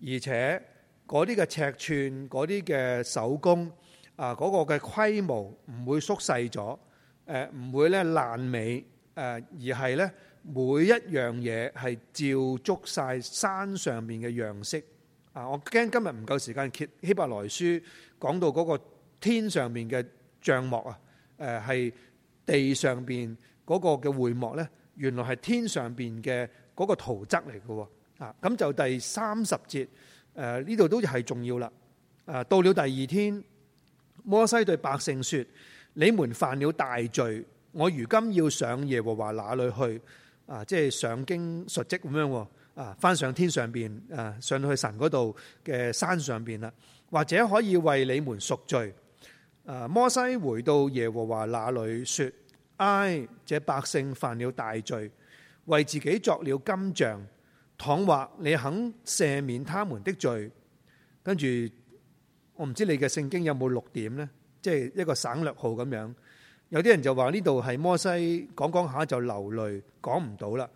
而且嗰啲嘅尺寸、嗰啲嘅手工啊、嗰個嘅規模唔會縮細咗，誒、呃、唔會咧爛尾，誒、呃、而係咧每一樣嘢係照足晒山上面嘅樣式。我驚今日唔夠時間，揭希伯來書講到嗰個天上面嘅帳幕啊，誒係地上邊嗰個嘅會幕咧，原來係天上邊嘅嗰個圖則嚟嘅。啊，咁就第三十節，誒呢度都係重要啦。啊，到了第二天，摩西對百姓說：你們犯了大罪，我如今要上耶和華那裏去，啊，即係上京述職咁樣。啊！翻上天上邊，啊上去神嗰度嘅山上邊啦，或者可以為你們贖罪。啊！摩西回到耶和華那裏說：唉，這百姓犯了大罪，為自己作了金像。倘若你肯赦免他們的罪，跟住我唔知你嘅聖經有冇六點呢？即係一個省略號咁樣。有啲人就話呢度係摩西講講下就流淚，講唔到啦。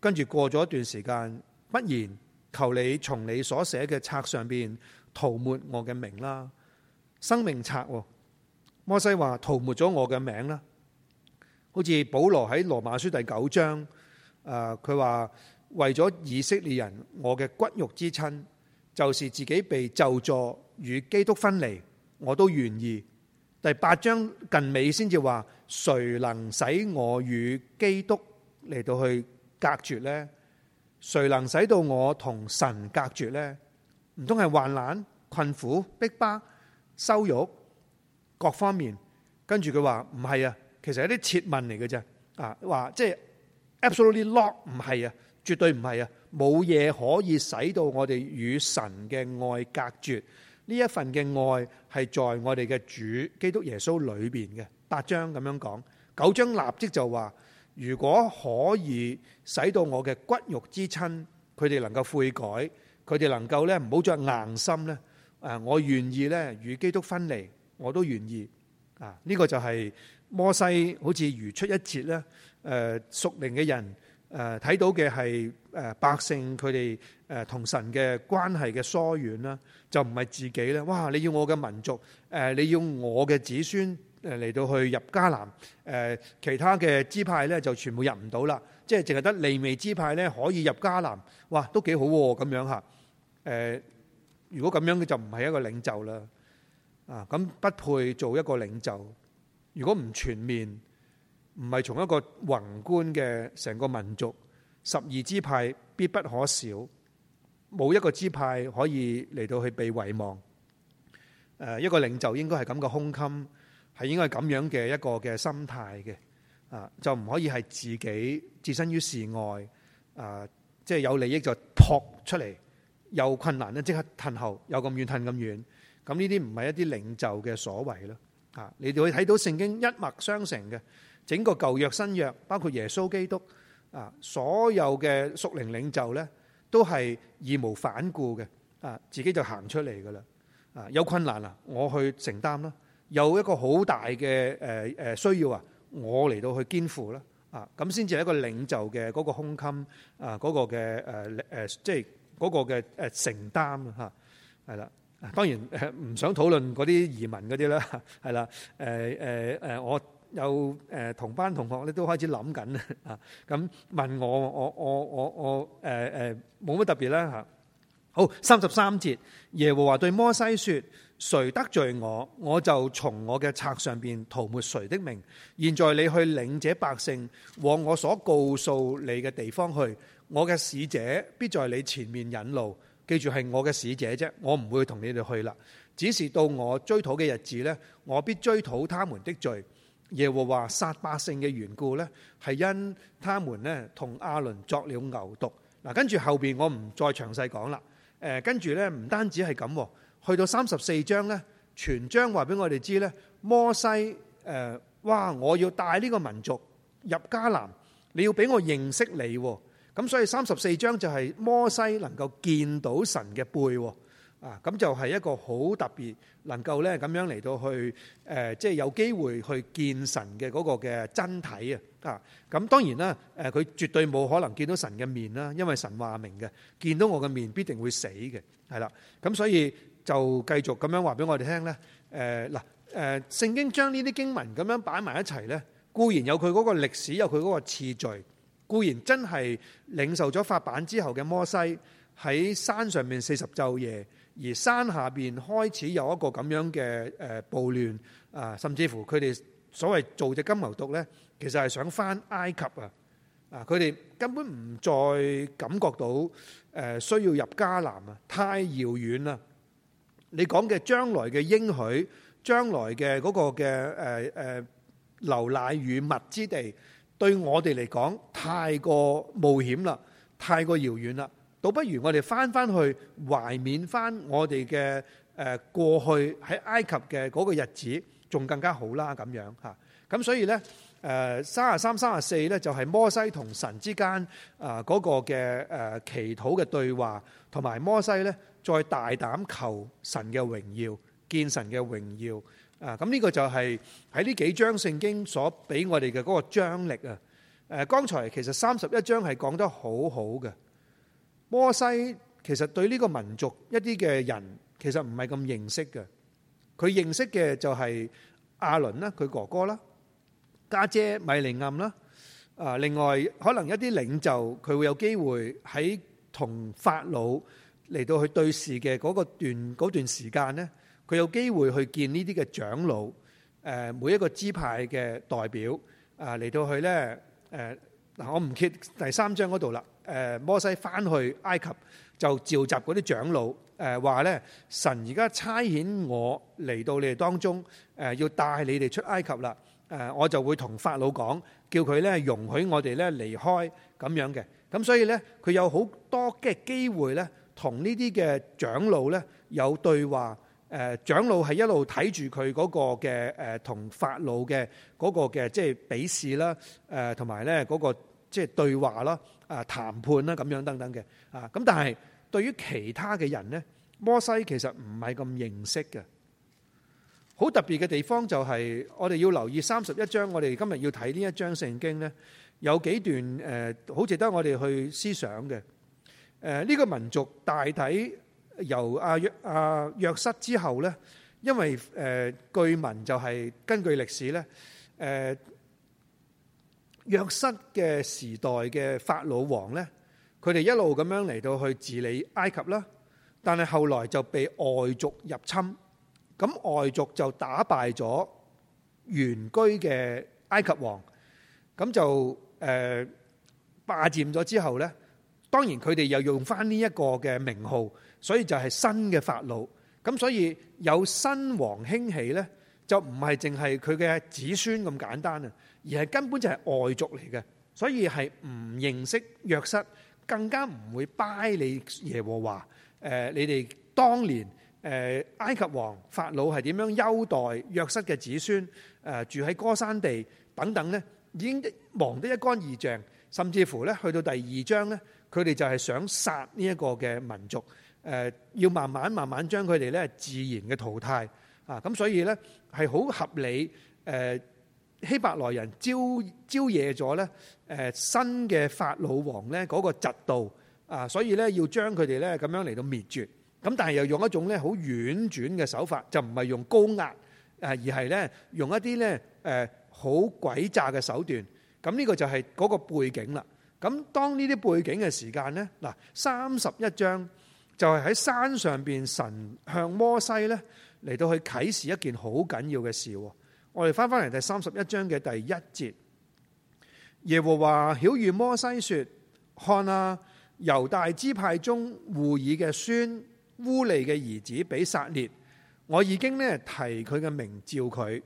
跟住過咗一段時間，不然求你從你所寫嘅冊上邊塗抹我嘅名啦。生命冊，摩西話塗抹咗我嘅名啦。好似保羅喺羅馬書第九章，佢話為咗以色列人，我嘅骨肉之親，就是自己被咒詛與基督分離，我都願意。第八章近尾先至話，誰能使我與基督嚟到去？隔絕咧，誰能使到我同神隔絕咧？唔通係患難、困苦、逼迫、羞辱各方面？跟住佢話唔係啊，其實有啲設問嚟嘅啫。啊，話即係 absolutely not 唔係啊，絕對唔係啊，冇嘢可以使到我哋與神嘅愛隔絕。呢一份嘅愛係在我哋嘅主基督耶穌裏面嘅。八章咁樣講，九章立即就話。如果可以使到我嘅骨肉之親，佢哋能夠悔改，佢哋能夠咧，唔好再硬心咧，誒，我願意咧與基督分離，我都願意。啊，呢個就係摩西好似如出一轍啦。誒、呃，屬靈嘅人誒睇到嘅係誒百姓佢哋誒同神嘅關係嘅疏遠啦，就唔係自己咧。哇！你要我嘅民族，誒、呃，你要我嘅子孫。嚟到去入迦南，誒其他嘅支派咧就全部入唔到啦，即係淨係得利未支派咧可以入迦南，哇，都幾好喎、啊、咁樣嚇。誒、呃，如果咁樣嘅就唔係一個領袖啦，啊，咁不配做一個領袖。如果唔全面，唔係從一個宏觀嘅成個民族十二支派必不可少，冇一個支派可以嚟到去被遺忘。誒、啊，一個領袖應該係咁嘅胸襟。係應該咁樣嘅一個嘅心態嘅，啊，就唔可以係自己置身於事外，啊，呃，即係有利益就撲出嚟，有困難呢，即刻褪後，有咁遠褪咁遠，咁呢啲唔係一啲領袖嘅所為咯，啊，你哋會睇到聖經一脈相承嘅，整個舊約新約，包括耶穌基督，啊，所有嘅屬靈領袖呢，都係義無反顧嘅，啊，自己就行出嚟噶啦，啊，有困難啊，我去承擔啦。有一個好大嘅誒誒需要啊，我嚟到去肩負啦啊，咁先至係一個領袖嘅嗰個胸襟啊，嗰個嘅誒誒，即係嗰個嘅誒承擔嚇，係啦。當然誒唔想討論嗰啲移民嗰啲啦，係啦。誒誒誒，我有誒同班同學咧都開始諗緊啊，咁問我，我我我我誒誒冇乜特別啦嚇。好，三十三節，耶和華對摩西説。誰得罪我，我就從我嘅冊上邊塗抹誰的名。現在你去領這百姓往我所告訴你嘅地方去，我嘅使者必在你前面引路。記住，係我嘅使者啫，我唔會同你哋去啦。只是到我追討嘅日子呢，我必追討他們的罪。耶和華殺百姓嘅緣故呢，係因他們呢同亞倫作了牛犢。嗱，跟住後邊我唔再詳細講啦。跟住呢，唔單止係咁。去到三十四章呢，全章話俾我哋知呢，摩西誒，哇！我要帶呢個民族入迦南，你要俾我認識你，咁所以三十四章就係摩西能夠見到神嘅背，啊，咁就係一個好特別，能夠呢咁樣嚟到去誒，即係有機會去見神嘅嗰個嘅真體啊，啊，咁當然啦，誒，佢絕對冇可能見到神嘅面啦，因為神話明嘅，見到我嘅面必定會死嘅，係啦，咁所以。就繼續咁樣話俾我哋聽咧。誒嗱誒，聖經將呢啲經文咁樣擺埋一齊咧，固然有佢嗰個歷史，有佢嗰個次序，固然真係領受咗法版之後嘅摩西喺山上面四十晝夜，而山下邊開始有一個咁樣嘅誒暴亂啊，甚至乎佢哋所謂做隻金牛犢咧，其實係想返埃及啊啊！佢哋根本唔再感覺到誒需要入迦南啊，太遙遠啦～你講嘅將來嘅應許，將來嘅嗰個嘅、呃呃、流奶與蜜之地，對我哋嚟講，太過冒險啦，太過遙遠啦，倒不如我哋翻翻去懷緬翻我哋嘅誒過去喺埃及嘅嗰個日子，仲更加好啦咁樣嚇。咁所以咧，三啊三三啊四咧，就係、是、摩西同神之間嗰、呃那個嘅、呃、祈禱嘅對話，同埋摩西咧。再大膽求神嘅榮耀，見神嘅榮耀啊！咁呢個就係喺呢幾章聖經所俾我哋嘅嗰個張力啊！誒，剛才其實三十一章係講得好好嘅。摩西其實對呢個民族一啲嘅人其實唔係咁認識嘅，佢認識嘅就係亞倫啦，佢哥哥啦，家姐米利暗啦，啊，另外可能一啲領袖佢會有機會喺同法老。嚟到去對峙嘅嗰個段嗰段時間呢，佢有機會去見呢啲嘅長老，誒每一個支派嘅代表啊，嚟到去呢，誒嗱，我唔揭第三章嗰度啦。誒摩西返去埃及就召集嗰啲長老，誒話呢，神而家差遣我嚟到你哋當中誒，要帶你哋出埃及啦。誒我就會同法老講，叫佢呢容許我哋呢離開咁樣嘅，咁，所以呢，佢有好多嘅機會呢。同呢啲嘅長老咧有對話，誒，長老係一路睇住佢嗰個嘅，誒，同法老嘅嗰個嘅，即係比試啦，誒，同埋咧嗰個即係對話啦，啊，談判啦，咁樣等等嘅，啊，咁但係對於其他嘅人咧，摩西其實唔係咁認識嘅。好特別嘅地方就係、是，我哋要留意三十一章，我哋今日要睇呢一章聖經咧，有幾段誒，好值得我哋去思想嘅。誒呢個民族大體由阿阿約瑟之後咧，因為誒據聞就係根據歷史咧，誒約瑟嘅時代嘅法老王咧，佢哋一路咁樣嚟到去治理埃及啦，但係後來就被外族入侵，咁外族就打敗咗原居嘅埃及王，咁就誒霸佔咗之後咧。當然佢哋又用翻呢一個嘅名號，所以就係新嘅法老。咁所以有新王興起咧，就唔係淨係佢嘅子孫咁簡單啊，而係根本就係外族嚟嘅，所以係唔認識約瑟，更加唔會拜你耶和華。誒，你哋當年誒埃及王法老係點樣優待約瑟嘅子孫？誒，住喺歌山地等等咧，已經忘得一乾二淨，甚至乎咧去到第二章咧。佢哋就係想殺呢一個嘅民族，誒要慢慢慢慢將佢哋咧自然嘅淘汰啊！咁所以咧係好合理，誒希伯來人招招惹咗咧，誒新嘅法老王咧嗰個制度啊，所以咧要將佢哋咧咁樣嚟到滅絕。咁但係又用一種咧好婉轉嘅手法，就唔係用高壓啊，而係咧用一啲咧誒好詭詐嘅手段。咁呢個就係嗰個背景啦。咁當呢啲背景嘅時間呢，嗱，三十一章就係喺山上邊，神向摩西咧嚟到去啟示一件好緊要嘅事。我哋翻翻嚟第三十一章嘅第一節，耶和華曉諭摩西說：看啊，猶大支派中戶珥嘅孫烏利嘅兒子比撒列，我已經呢提佢嘅名召佢，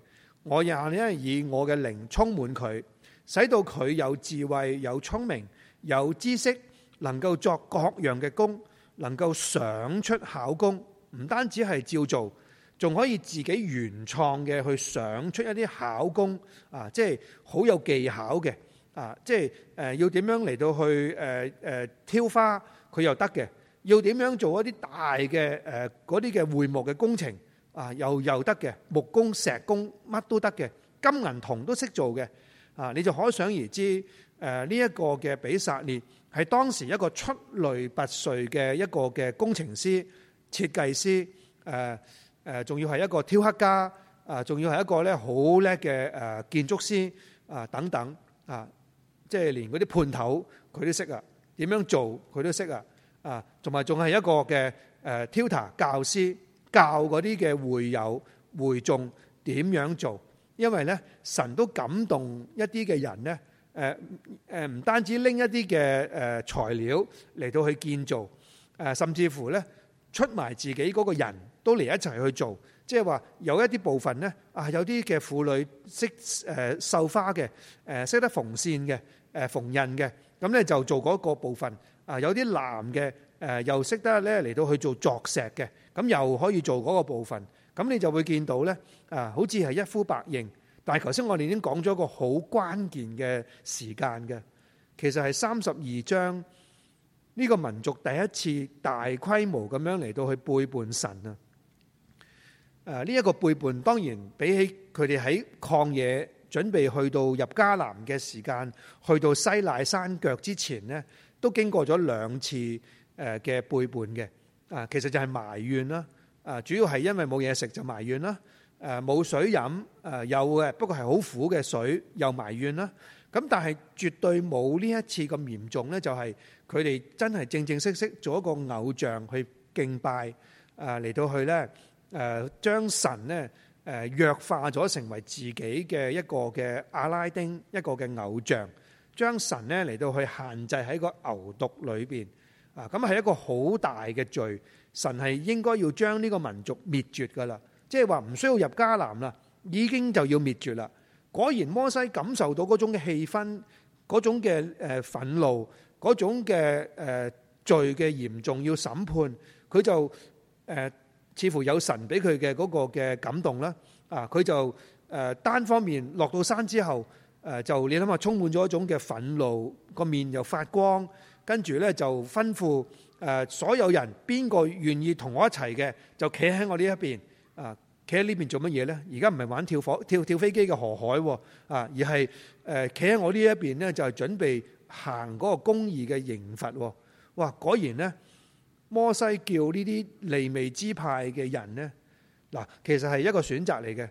我又呢以我嘅靈充滿佢。使到佢有智慧、有聰明、有知識，能夠作各樣嘅工，能夠想出巧工，唔單止係照做，仲可以自己原創嘅去想出一啲巧工啊！即係好有技巧嘅啊！即係誒要點樣嚟到去誒誒挑花佢又得嘅，要點樣做一啲大嘅誒嗰啲嘅會幕嘅工程啊，又又得嘅木工、石工乜都得嘅，金銀銅都識做嘅。啊！你就可想而知，誒呢一個嘅比撒列係當時一個出類拔萃嘅一個嘅工程師、設計師，誒、呃、誒，仲、呃、要係一個雕刻家，啊、呃，仲要係一個咧好叻嘅誒建築師，啊、呃、等等，啊，即係連嗰啲判頭佢都識啊，點樣做佢都識啊，啊，同埋仲係一個嘅誒 teacher 教師，教嗰啲嘅會友會眾點樣做。因為咧，神都感動一啲嘅人咧，誒、呃、誒，唔、呃、單止拎一啲嘅誒材料嚟到去建造，誒、呃，甚至乎咧出埋自己嗰個人都嚟一齊去做，即係話有一啲部分咧，啊，有啲嘅婦女識誒繡、呃、花嘅，誒、呃、識得縫線嘅，誒縫印嘅，咁咧就做嗰個部分；啊，有啲男嘅誒、呃、又識得咧嚟到去做鑿石嘅，咁又可以做嗰個部分。咁你就會見到呢，啊，好似係一呼百應，但係頭先我哋已經講咗個好關鍵嘅時間嘅，其實係三十二章呢個民族第一次大規模咁樣嚟到去背叛神啊！誒，呢一個背叛當然比起佢哋喺曠野準備去到入迦南嘅時間，去到西奈山腳之前呢，都經過咗兩次誒嘅背叛嘅，啊，其實就係埋怨啦。啊，主要係因為冇嘢食就埋怨啦。誒，冇水飲，誒有嘅，不過係好苦嘅水又埋怨啦。咁但係絕對冇呢一次咁嚴重咧，就係佢哋真係正正式式做一個偶像去敬拜。誒嚟到去咧，誒將神咧誒弱化咗成為自己嘅一個嘅阿拉丁一個嘅偶像，將神咧嚟到去限制喺個牛犢裏邊。啊，咁係一個好大嘅罪。神係應該要將呢個民族滅絕噶啦，即係話唔需要入迦南啦，已經就要滅絕啦。果然摩西感受到嗰種嘅氣氛，嗰種嘅誒憤怒，嗰種嘅誒、呃、罪嘅嚴重要審判，佢就誒、呃、似乎有神俾佢嘅嗰個嘅感動啦。啊，佢就誒、呃、單方面落到山之後，誒、呃、就你諗下充滿咗一種嘅憤怒，個面又發光，跟住咧就吩咐。誒、呃、所有人邊個願意同我一齊嘅就企喺我呢一邊啊！企喺呢邊做乜嘢呢？而家唔係玩跳火跳跳飛機嘅河海喎啊！而係誒企喺我呢一邊呢，就係、是、準備行嗰個公義嘅刑罰。哇、呃！果然呢，摩西叫呢啲利未支派嘅人呢，嗱、呃、其實係一個選擇嚟嘅。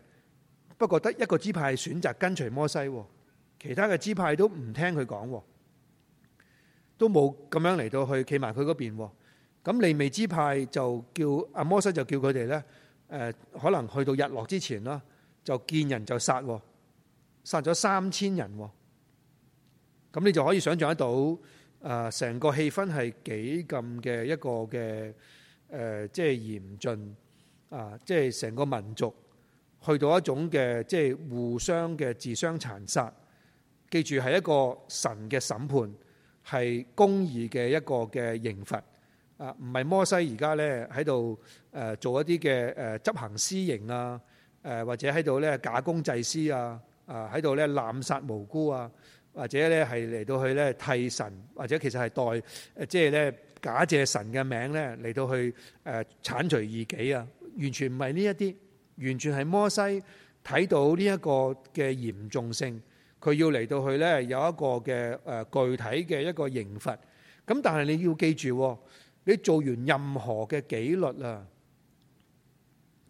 不過得一個支派選擇跟隨摩西，其他嘅支派都唔聽佢講。都冇咁樣嚟到去企埋佢嗰邊喎。咁利未支派就叫阿摩西就叫佢哋咧，誒、呃、可能去到日落之前啦，就見人就殺，殺咗三千人。咁、呃、你就可以想象得到，誒、呃、成個氣氛係幾咁嘅一個嘅誒、呃，即係嚴峻啊、呃！即係成個民族去到一種嘅即係互相嘅自相殘殺。記住係一個神嘅審判。係公義嘅一個嘅刑罰啊，唔係摩西而家咧喺度誒做一啲嘅誒執行私刑啊，誒或者喺度咧假公濟私啊，啊喺度咧濫殺無辜啊，或者咧係嚟到去咧替神，或者其實係代誒即係咧假借神嘅名咧嚟到去誒剷除異己啊，完全唔係呢一啲，完全係摩西睇到呢一個嘅嚴重性。佢要嚟到去咧，有一個嘅誒具體嘅一個刑罰。咁但係你要記住，你做完任何嘅紀律呀，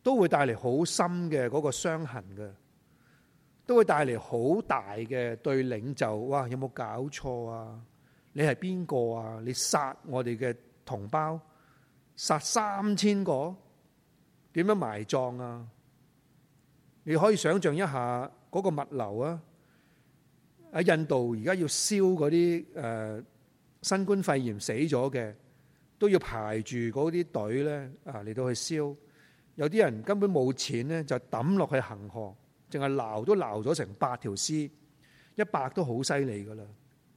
都會帶嚟好深嘅嗰個傷痕嘅，都會帶嚟好大嘅對領袖。哇！有冇搞錯啊？你係邊個啊？你殺我哋嘅同胞，殺三千個，點樣埋葬啊？你可以想象一下嗰個物流啊！喺印度而家要燒嗰啲誒新冠肺炎死咗嘅，都要排住嗰啲隊咧啊嚟到去燒。有啲人根本冇錢咧，就抌落去恆河，淨係撈都撈咗成八條屍，一百都好犀利噶啦！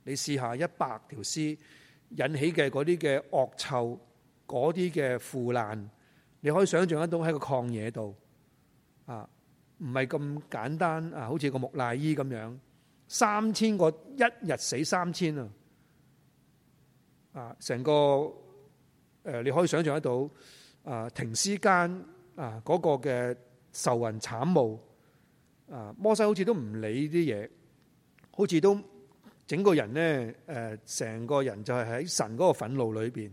你試下一百條屍引起嘅嗰啲嘅惡臭，嗰啲嘅腐爛，你可以想象得到喺個曠野度啊，唔係咁簡單啊，好似個木乃伊咁樣。三千個一日死三千啊！啊，成個誒，你可以想象得到啊，呃，停屍間啊，嗰、呃嗰個嘅愁雲慘霧啊，摩、呃、西好似都唔理啲嘢，好似都整個人咧誒，成、呃、個人就係喺神嗰個憤怒裏邊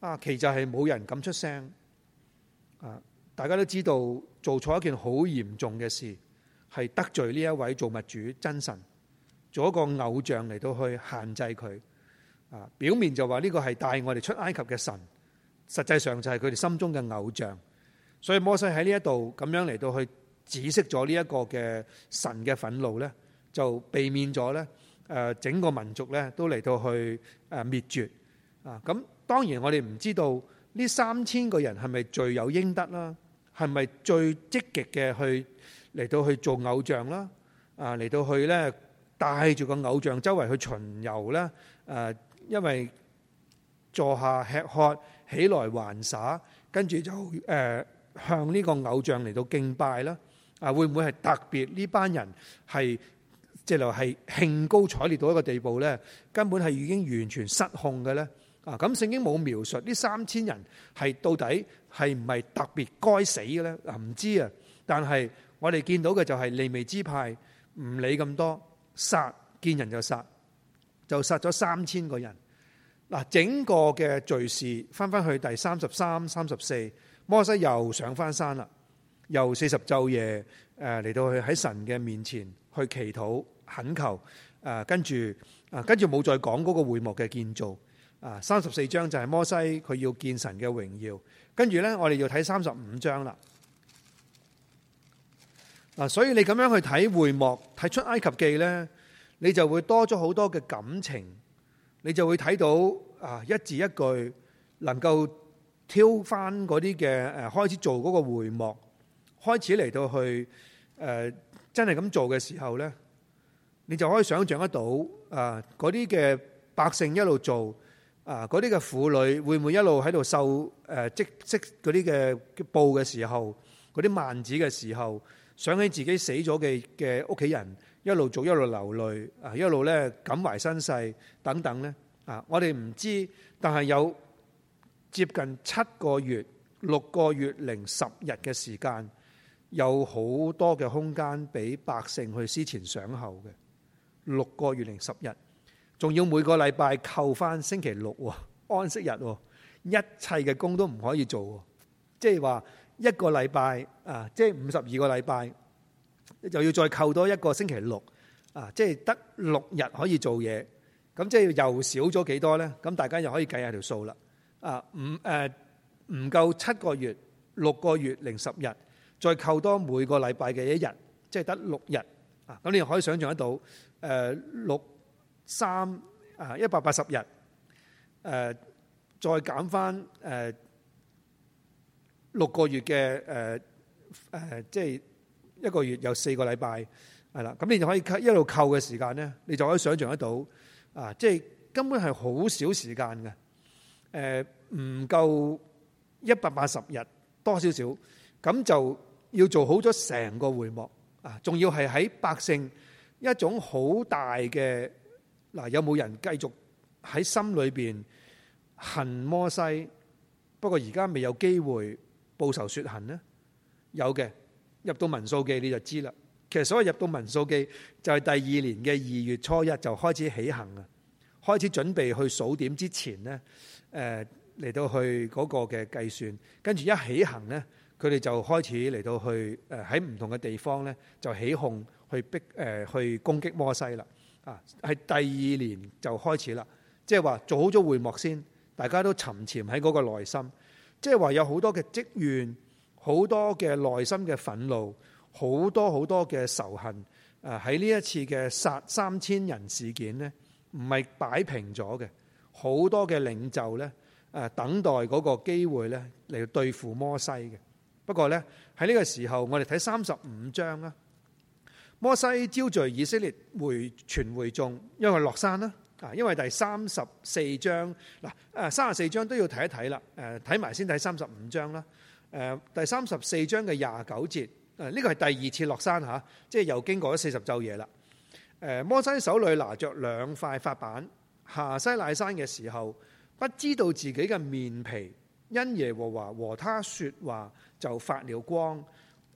啊，其實係冇人敢出聲啊，呃！大家都知道做錯一件好嚴重嘅事。係得罪呢一位造物主真神，做一個偶像嚟到去限制佢。啊，表面就話呢個係帶我哋出埃及嘅神，實際上就係佢哋心中嘅偶像。所以摩西喺呢一度咁樣嚟到去止息咗呢一個嘅神嘅憤怒呢，就避免咗呢，誒，整個民族呢都嚟到去誒滅絕。啊，咁當然我哋唔知道呢三千個人係咪罪有應得啦，係咪最積極嘅去嚟到去做偶像啦，啊嚟到去咧帶住個偶像周圍去巡遊啦，誒因為坐下吃喝，起來玩耍，跟住就誒向呢個偶像嚟到敬拜啦，啊會唔會係特別呢班人係即係話係興高采烈到一個地步咧，根本係已經完全失控嘅咧，啊咁聖經冇描述呢三千人係到底係唔係特別該死嘅咧？啊唔知啊，但係。我哋見到嘅就係利未支派唔理咁多，殺見人就殺，就殺咗三千個人。嗱，整個嘅敘事翻翻去第三十三、三十四，摩西又上翻山啦，由四十晝夜，誒嚟到去喺神嘅面前去祈禱、懇求，誒跟住，誒跟住冇再講嗰個會幕嘅建造。三十四章就係摩西佢要見神嘅榮耀，跟住呢，我哋要睇三十五章啦。嗱，所以你咁樣去睇會幕、睇出埃及記咧，你就會多咗好多嘅感情，你就會睇到啊一字一句能夠挑翻嗰啲嘅誒，開始做嗰個會幕，開始嚟到去誒、呃、真係咁做嘅時候咧，你就可以想像得到啊嗰啲嘅百姓一路做啊，嗰啲嘅婦女會唔會一路喺度受誒積積嗰啲嘅布嘅時候，嗰啲幔子嘅時候？想起自己死咗嘅嘅屋企人，一路做一路流淚，啊一路咧感懷身世等等咧，啊我哋唔知，但係有接近七個月、六個月零十日嘅時間，有好多嘅空間俾百姓去思前想後嘅。六個月零十日，仲要每個禮拜扣翻星期六安息日，一切嘅工都唔可以做喎，即係話。一個禮拜啊，即係五十二個禮拜，就要再扣多一個星期六啊，即係得六日可以做嘢。咁即係又少咗幾多咧？咁大家又可以計下條數啦。啊、呃，五誒唔夠七個月，六個月零十日，再扣多每個禮拜嘅一日，即係得六日啊。咁你又可以想象得到誒六三啊一百八十日誒、呃，再減翻誒。呃六個月嘅誒、呃呃、即係一個月有四個禮拜係啦，咁你就可以一路扣嘅時間咧，你就可以想象得到啊！即係根本係好少時間嘅，呃、唔夠一百八十日多少少，咁就要做好咗成個會幕啊！仲要係喺百姓一種好大嘅嗱、啊，有冇人繼續喺心裏面恨摩西？不過而家未有機會。報仇雪恨呢？有嘅入到民數記你就知啦。其實所謂入到民數記就係、是、第二年嘅二月初一就開始起行啊，開始準備去數點之前呢，誒、呃、嚟到去嗰個嘅計算，跟住一起行呢，佢哋就開始嚟到去誒喺唔同嘅地方呢，就起哄去逼誒、呃、去攻擊摩西啦。啊，係第二年就開始啦，即係話做好咗會幕先，大家都沉潛喺嗰個內心。即係話有好多嘅積怨，好多嘅內心嘅憤怒，好多好多嘅仇恨。誒喺呢一次嘅殺三千人事件呢，唔係擺平咗嘅。好多嘅領袖呢，誒等待嗰個機會咧嚟對付摩西嘅。不過呢，喺呢個時候，我哋睇三十五章啦。摩西招聚以色列會全會眾，因為佢落山啦。啊，因為第三十四章嗱，啊三十四章都要睇一睇啦，誒睇埋先睇三十五章啦。誒第三十四章嘅廿九節，誒、這、呢個係第二次落山嚇，即係又經過咗四十晝夜啦。誒摩西手裏拿着兩塊法板，下西奈山嘅時候，不知道自己嘅面皮，因耶和華和他説話就發了光。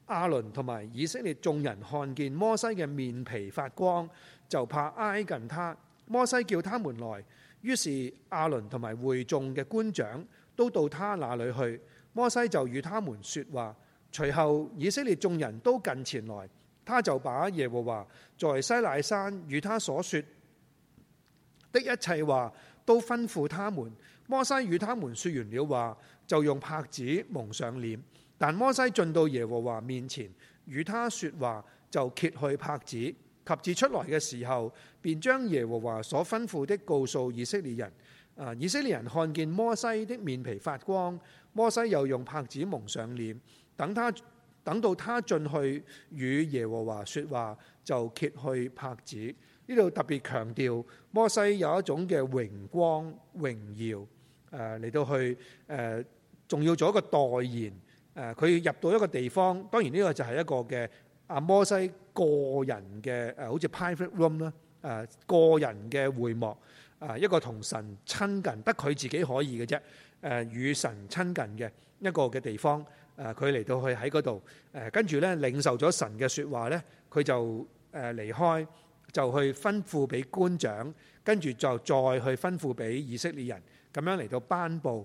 阿倫同埋以色列眾人看見摩西嘅面皮發光，就怕挨近他。摩西叫他們來，於是亞倫同埋會眾嘅官長都到他那裏去。摩西就與他們說話，隨後以色列眾人都近前來，他就把耶和華在西乃山與他所說的一切話都吩咐他們。摩西與他們說完了話，就用帕子蒙上臉。但摩西進到耶和華面前與他說話，就揭去帕子。及至出來嘅時候，便將耶和華所吩咐的告訴以色列人。啊，以色列人看見摩西的面皮發光，摩西又用帕子蒙上臉。等他等到他進去與耶和華說話，就揭去帕子。呢度特別強調摩西有一種嘅榮光、榮耀。誒嚟到去誒，仲、呃、要做一個代言。誒、呃，佢入到一個地方，當然呢個就係一個嘅。阿摩西個人嘅誒，好似 private room 啦，誒個人嘅會幕，誒一個同神親近，得佢自己可以嘅啫，誒與神親近嘅一個嘅地方，誒佢嚟到去喺嗰度，誒跟住咧領受咗神嘅説話咧，佢就誒離開，就去吩咐俾官長，跟住就再去吩咐俾以色列人，咁樣嚟到頒布。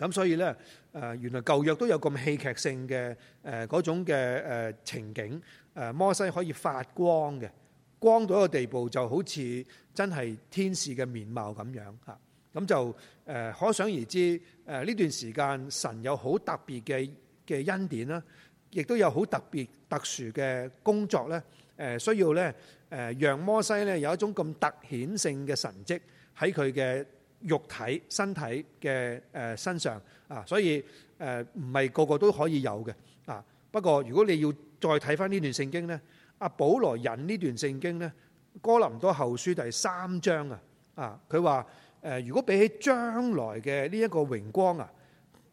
咁所以咧，誒原來舊約都有咁戲劇性嘅誒嗰種嘅誒、呃、情景，誒、呃、摩西可以發光嘅，光到一個地步就好似真係天使嘅面貌咁樣嚇。咁、啊、就誒、呃、可想而知，誒、呃、呢段時間神有好特別嘅嘅恩典啦，亦、啊、都有好特別特殊嘅工作咧，誒、呃、需要咧誒、呃、讓摩西咧有一種咁特顯性嘅神蹟喺佢嘅。肉體、身體嘅誒身上啊，所以誒唔係個個都可以有嘅啊。不過如果你要再睇翻呢段聖經呢，阿保羅引呢段聖經呢，《哥林多後書》第三章啊，啊，佢話誒，如果比起將來嘅呢一個榮光啊，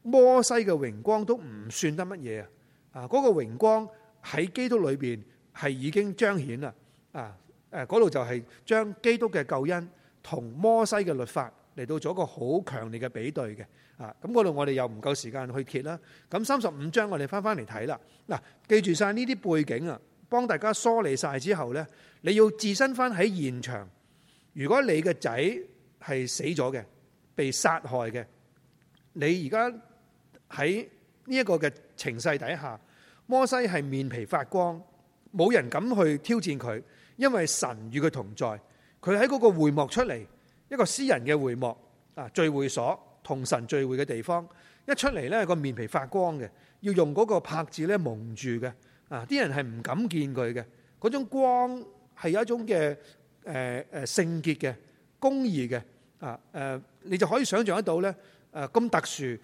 摩西嘅榮光都唔算得乜嘢啊，啊，嗰個榮光喺基督裏邊係已經彰顯啦，啊，誒嗰度就係將基督嘅救恩同摩西嘅律法。嚟到咗一個好強烈嘅比對嘅，啊，咁嗰度我哋又唔夠時間去揭啦。咁三十五章我哋翻翻嚟睇啦。嗱，記住晒呢啲背景啊，幫大家梳理晒之後呢，你要置身翻喺現場。如果你嘅仔係死咗嘅，被殺害嘅，你而家喺呢一個嘅情勢底下，摩西係面皮發光，冇人敢去挑戰佢，因為神與佢同在。佢喺嗰個會幕出嚟，一個私人嘅會幕啊，聚會所同神聚會嘅地方，一出嚟咧，個面皮發光嘅，要用嗰個帕子咧蒙住嘅啊！啲人係唔敢見佢嘅，嗰種光係有一種嘅誒誒聖潔嘅公義嘅啊誒，你就可以想像得到咧誒咁特殊，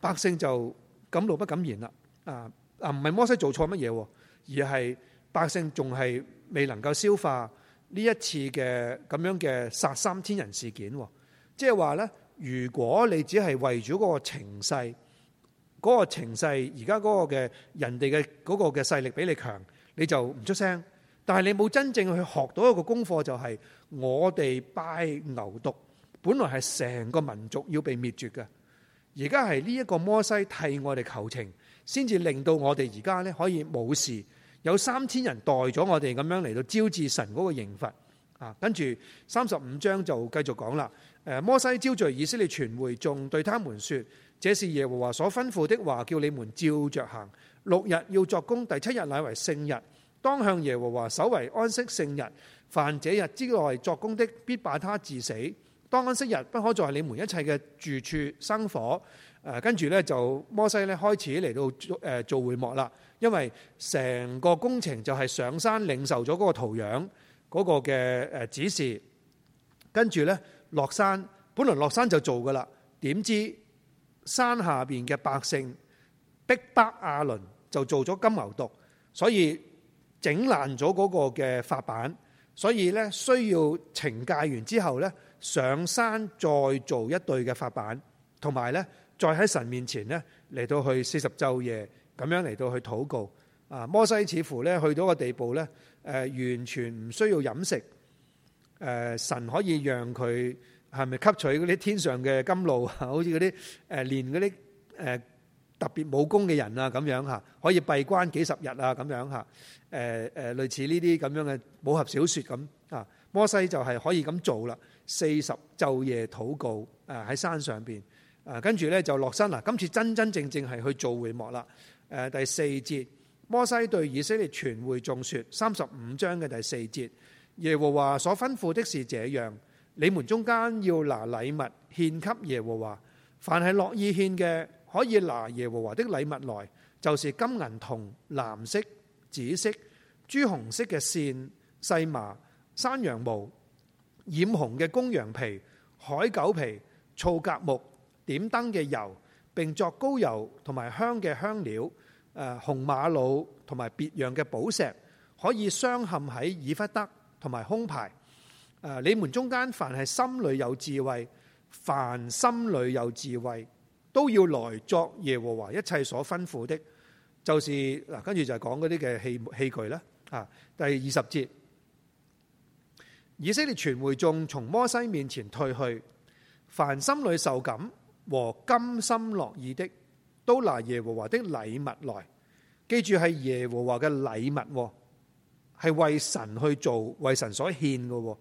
百姓就敢怒不敢言啦啊啊！唔係摩西做錯乜嘢，而係百姓仲係未能夠消化。呢一次嘅咁樣嘅殺三千人事件，即係話咧，如果你只係為咗嗰個情勢，嗰、嗰個情勢而家嗰個嘅人哋嘅嗰個嘅勢力比你強，你就唔出聲。但係你冇真正去學到一個功課，就係，就係我哋拜牛犢，本來係成個民族要被滅絕嘅，而家係呢一個摩西替我哋求情，先至令到我哋而家咧可以冇事。有三千人代咗我哋咁樣嚟到招致神嗰個刑罰啊！跟住三十五章就繼續講啦。誒，摩西招聚以色列全會眾，對他們說，這是耶和華所吩咐的話，叫你們照着行。六日要作工，第七日乃為聖日，當向耶和華守為安息聖日。凡這日之內作工的，必把他致死。當安息日不可在你們一切嘅住處生火。誒，跟住咧就摩西咧開始嚟到誒做會幕啦。因為成個工程就係上山領受咗嗰個圖樣，嗰個嘅誒指示，跟住呢，落山，本嚟，落山就做噶啦。點知山下邊嘅百姓逼迫亞倫就做咗金牛犢，所以整爛咗嗰個嘅法版。所以呢，需要懲戒完之後呢，上山再做一對嘅法版，同埋呢，再喺神面前呢，嚟到去四十晝夜。咁樣嚟到去禱告啊！摩西似乎咧去到個地步咧，誒、呃、完全唔需要飲食，誒、呃、神可以讓佢係咪吸取嗰啲天上嘅甘露啊？好似嗰啲誒練嗰啲誒特別武功嘅人啊，咁樣嚇可以閉關幾十日啊，咁樣嚇誒誒類似呢啲咁樣嘅武俠小説咁啊！摩西就係可以咁做啦，四十晝夜禱告誒喺、呃、山上邊，誒跟住咧就落山啦。今次真真正正係去做會幕啦。誒，第四節，摩西對以色列全會眾說：三十五章嘅第四節，耶和華所吩咐的是這樣，你們中間要拿禮物獻給耶和華，凡係樂意獻嘅，可以拿耶和華的禮物來，就是金銀、銅、藍色、紫色、朱紅色嘅綫、細麻、山羊毛、染紅嘅公羊皮、海狗皮、皂莢木、點燈嘅油。並作膏油同埋香嘅香料，誒，紅瑪瑙同埋別樣嘅寶石，可以鑲嵌喺以弗得同埋胸牌。誒，你們中間凡係心裏有智慧，凡心裏有智慧，都要來作耶和華一切所吩咐的。就是嗱，跟住就係講嗰啲嘅器器具啦。啊，第二十節，以色列全會眾從摩西面前退去，凡心裏受感。和甘心樂意的，都拿耶和華的禮物來，記住係耶和華嘅禮物，係為神去做，為神所獻嘅。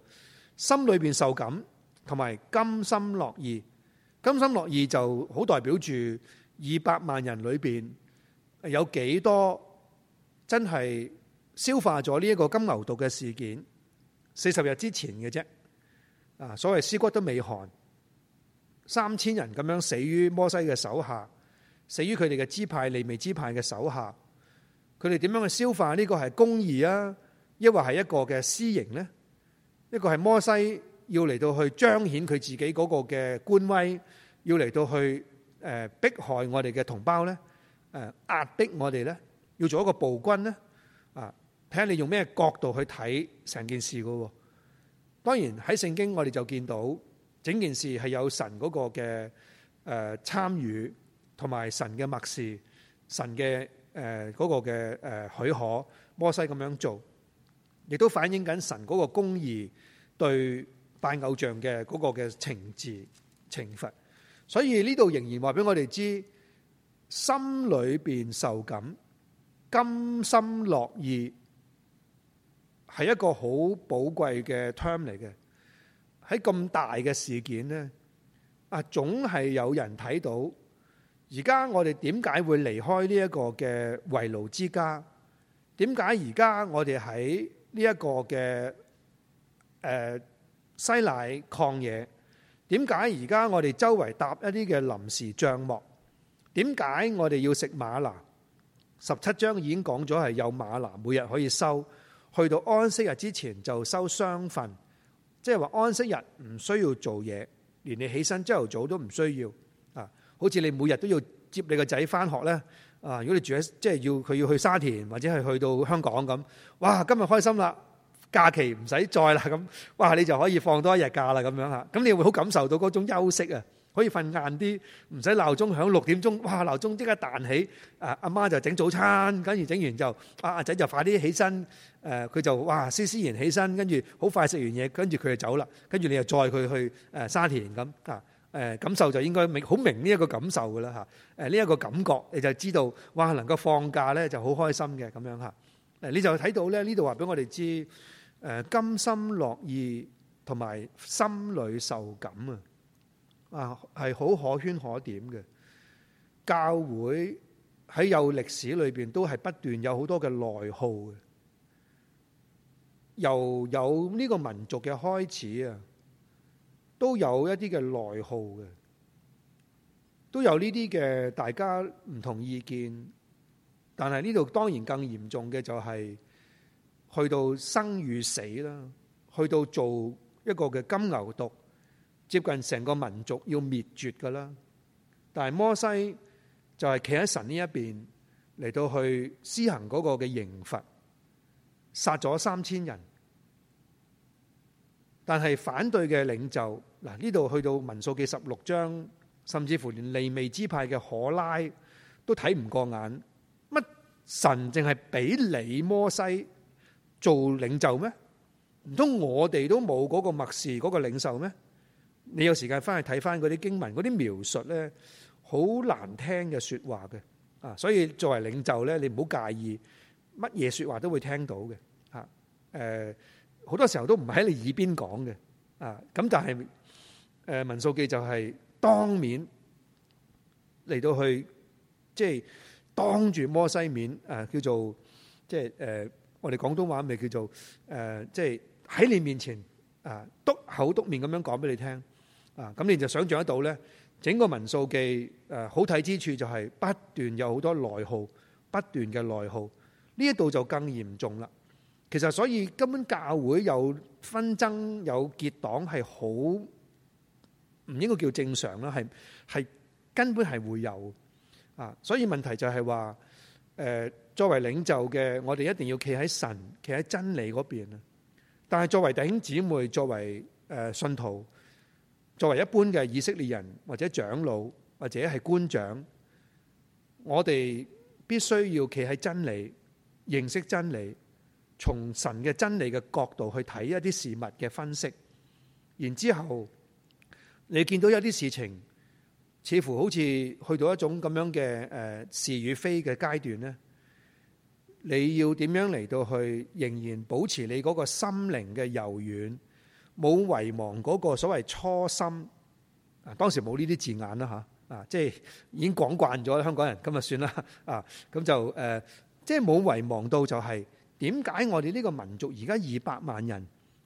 心裏邊受感，同埋甘心樂意，甘心樂意就好代表住二百萬人裏邊有幾多真係消化咗呢一個金牛犢嘅事件，四十日之前嘅啫，啊，所謂屍骨都未寒。三千人咁樣死於摩西嘅手下，死於佢哋嘅支派，利未支派嘅手下。佢哋點樣去消化呢個係公義啊？抑或係一個嘅私刑呢？一個係摩西要嚟到去彰顯佢自己嗰個嘅官威，要嚟到去誒迫害我哋嘅同胞咧？誒，壓迫我哋咧？要做一個暴君咧？啊，睇下，你用咩角度去睇成件事噶？啊？當然喺聖經我哋就見到。整件事係有神嗰個嘅誒參與，同埋神嘅默示，神嘅誒嗰個嘅誒許可，摩西咁樣做，亦都反映緊神嗰個公義對拜偶像嘅嗰個嘅懲治、懲罰。所以呢度仍然話俾我哋知，心裏邊受感、甘心樂意，係一個好寶貴嘅 term 嚟嘅。喺咁大嘅事件呢，啊，總係有人睇到。而家我哋點解會離開呢一個嘅為奴之家？點解而家我哋喺呢一個嘅誒、呃、西乃曠野？點解而家我哋周圍搭一啲嘅臨時帳幕？點解我哋要食嗎哪？十七章已經講咗係有嗎哪，每日可以收，去到安息日之前就收雙份。即係話安息日唔需要做嘢，連你起身朝頭早都唔需要啊！好似你每日都要接你個仔返學咧啊！如果你住喺即係要佢要去沙田或者係去到香港咁，哇！今日開心啦，假期唔使再啦咁，哇！你就可以放多一日假啦咁樣嚇，咁你會好感受到嗰種休息啊，可以瞓晏啲，唔使鬧鐘響六點鐘，哇！鬧鐘即刻彈起，啊！阿媽就整早餐，跟住整完就啊阿仔就快啲起身。誒佢就哇，施施然起身，跟住好快食完嘢，跟住佢就走啦。跟住你又載佢去誒沙田咁嚇，誒感受就應該明好明呢一個感受噶啦嚇，誒呢一個感覺你就知道哇，能夠放假咧就好開心嘅咁樣嚇，誒你就睇到咧，呢度話俾我哋知，誒甘心樂意同埋心裏受感啊，啊係好可圈可點嘅，教會喺有歷史裏邊都係不斷有好多嘅內耗嘅。由有呢個民族嘅開始啊，都有一啲嘅內耗嘅，都有呢啲嘅大家唔同意見。但係呢度當然更嚴重嘅就係去到生與死啦，去到做一個嘅金牛犢，接近成個民族要滅絕噶啦。但係摩西就係企喺神呢一邊嚟到去施行嗰個嘅刑罰，殺咗三千人。但係反對嘅領袖，嗱呢度去到民數記十六章，甚至乎連利未支派嘅可拉都睇唔過眼。乜神淨係俾你摩西做領袖咩？唔通我哋都冇嗰個默示嗰個領袖咩？你有時間翻去睇翻嗰啲經文，嗰啲描述咧好難聽嘅説話嘅啊！所以作為領袖咧，你唔好介意乜嘢説話都會聽到嘅啊！誒、呃。好多時候都唔喺你耳邊講嘅，啊咁，但係誒民數記就係當面嚟到去，即係當住摩西面，誒叫做即係誒我哋廣東話咪叫做誒，即係喺你面前啊篤口篤面咁樣講俾你聽，啊咁你就想象得到咧，整個民數記誒好睇之處就係不斷有好多內耗，不斷嘅內耗，呢一度就更嚴重啦。其實所以根本教會有紛爭有結黨係好唔應該叫正常啦，係，係根本係會有啊！所以問題就係話，誒，作為領袖嘅我哋一定要企喺神、企喺真理嗰邊啊！但係作為弟兄姊妹、作為誒信徒、作為一般嘅以色列人或者長老或者係官長，我哋必須要企喺真理，認識真理。從神嘅真理嘅角度去睇一啲事物嘅分析，然之後你見到一啲事情，似乎好似去到一種咁樣嘅誒是與非嘅階段咧。你要點樣嚟到去仍然保持你嗰個心靈嘅柔軟，冇遺忘嗰個所謂初心啊？當時冇呢啲字眼啦嚇啊，即係已經講慣咗香港人咁就算啦啊，咁就誒，即係冇遺忘到就係。點解我哋呢個民族而家二百萬人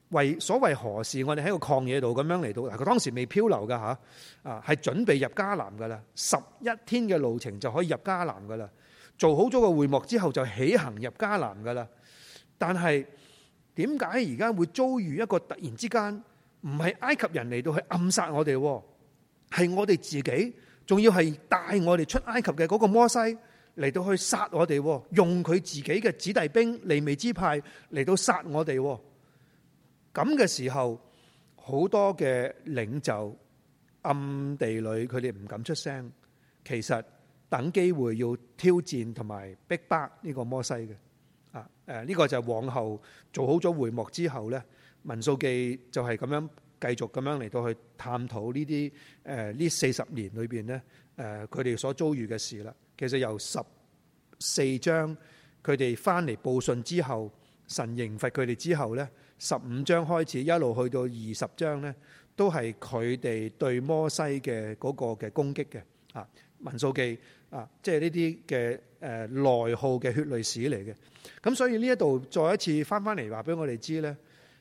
為所為何事？我哋喺個曠野度咁樣嚟到？嗱，佢當時未漂流㗎吓，啊，係準備入迦南㗎啦，十一天嘅路程就可以入迦南㗎啦。做好咗個會幕之後，就起行入迦南㗎啦。但係點解而家會遭遇一個突然之間唔係埃及人嚟到去暗殺我哋，係我哋自己，仲要係帶我哋出埃及嘅嗰個摩西。嚟到去殺我哋，用佢自己嘅子弟兵利未支派嚟到殺我哋，咁嘅時候，好多嘅領袖暗地裏佢哋唔敢出聲，其實等機會要挑戰同埋逼迫呢個摩西嘅啊，誒、這、呢個就係往後做好咗會幕之後咧，民數記就係咁樣繼續咁樣嚟到去探討呢啲誒呢四十年裏邊咧，誒佢哋所遭遇嘅事啦。其實由十四章佢哋翻嚟報信之後，神刑罰佢哋之後咧，十五章開始一路去到二十章咧，都係佢哋對摩西嘅嗰個嘅攻擊嘅啊。民數記啊，即係呢啲嘅誒內耗嘅血淚史嚟嘅。咁所以呢一度再一次翻翻嚟話俾我哋知咧，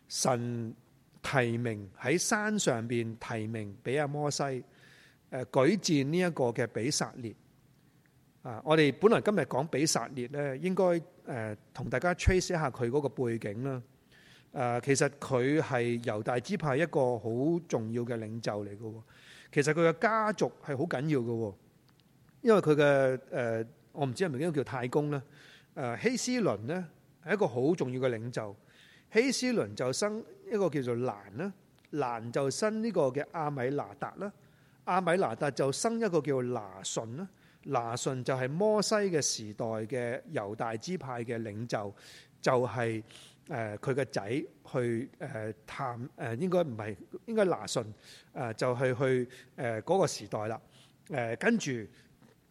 神提名喺山上邊提名俾阿摩西誒舉薦呢一個嘅比撒列。啊！我哋本來今日講比撒列咧，應該誒、呃、同大家 trace 一下佢嗰個背景啦。誒、呃，其實佢係猶大支派一個好重要嘅領袖嚟嘅。其實佢嘅家族係好緊要嘅，因為佢嘅誒，我唔知係咪應該叫太公啦。誒、呃，希斯倫呢，係一個好重要嘅領袖，希斯倫就生一個叫做蘭啦，蘭就生呢個嘅阿米拿達啦，阿米拿達就生一個叫拿順啦。拿順就係摩西嘅時代嘅猶大支派嘅領袖，就係誒佢嘅仔去誒探誒，應該唔係應該拿順誒，就係去誒嗰個時代啦。誒跟住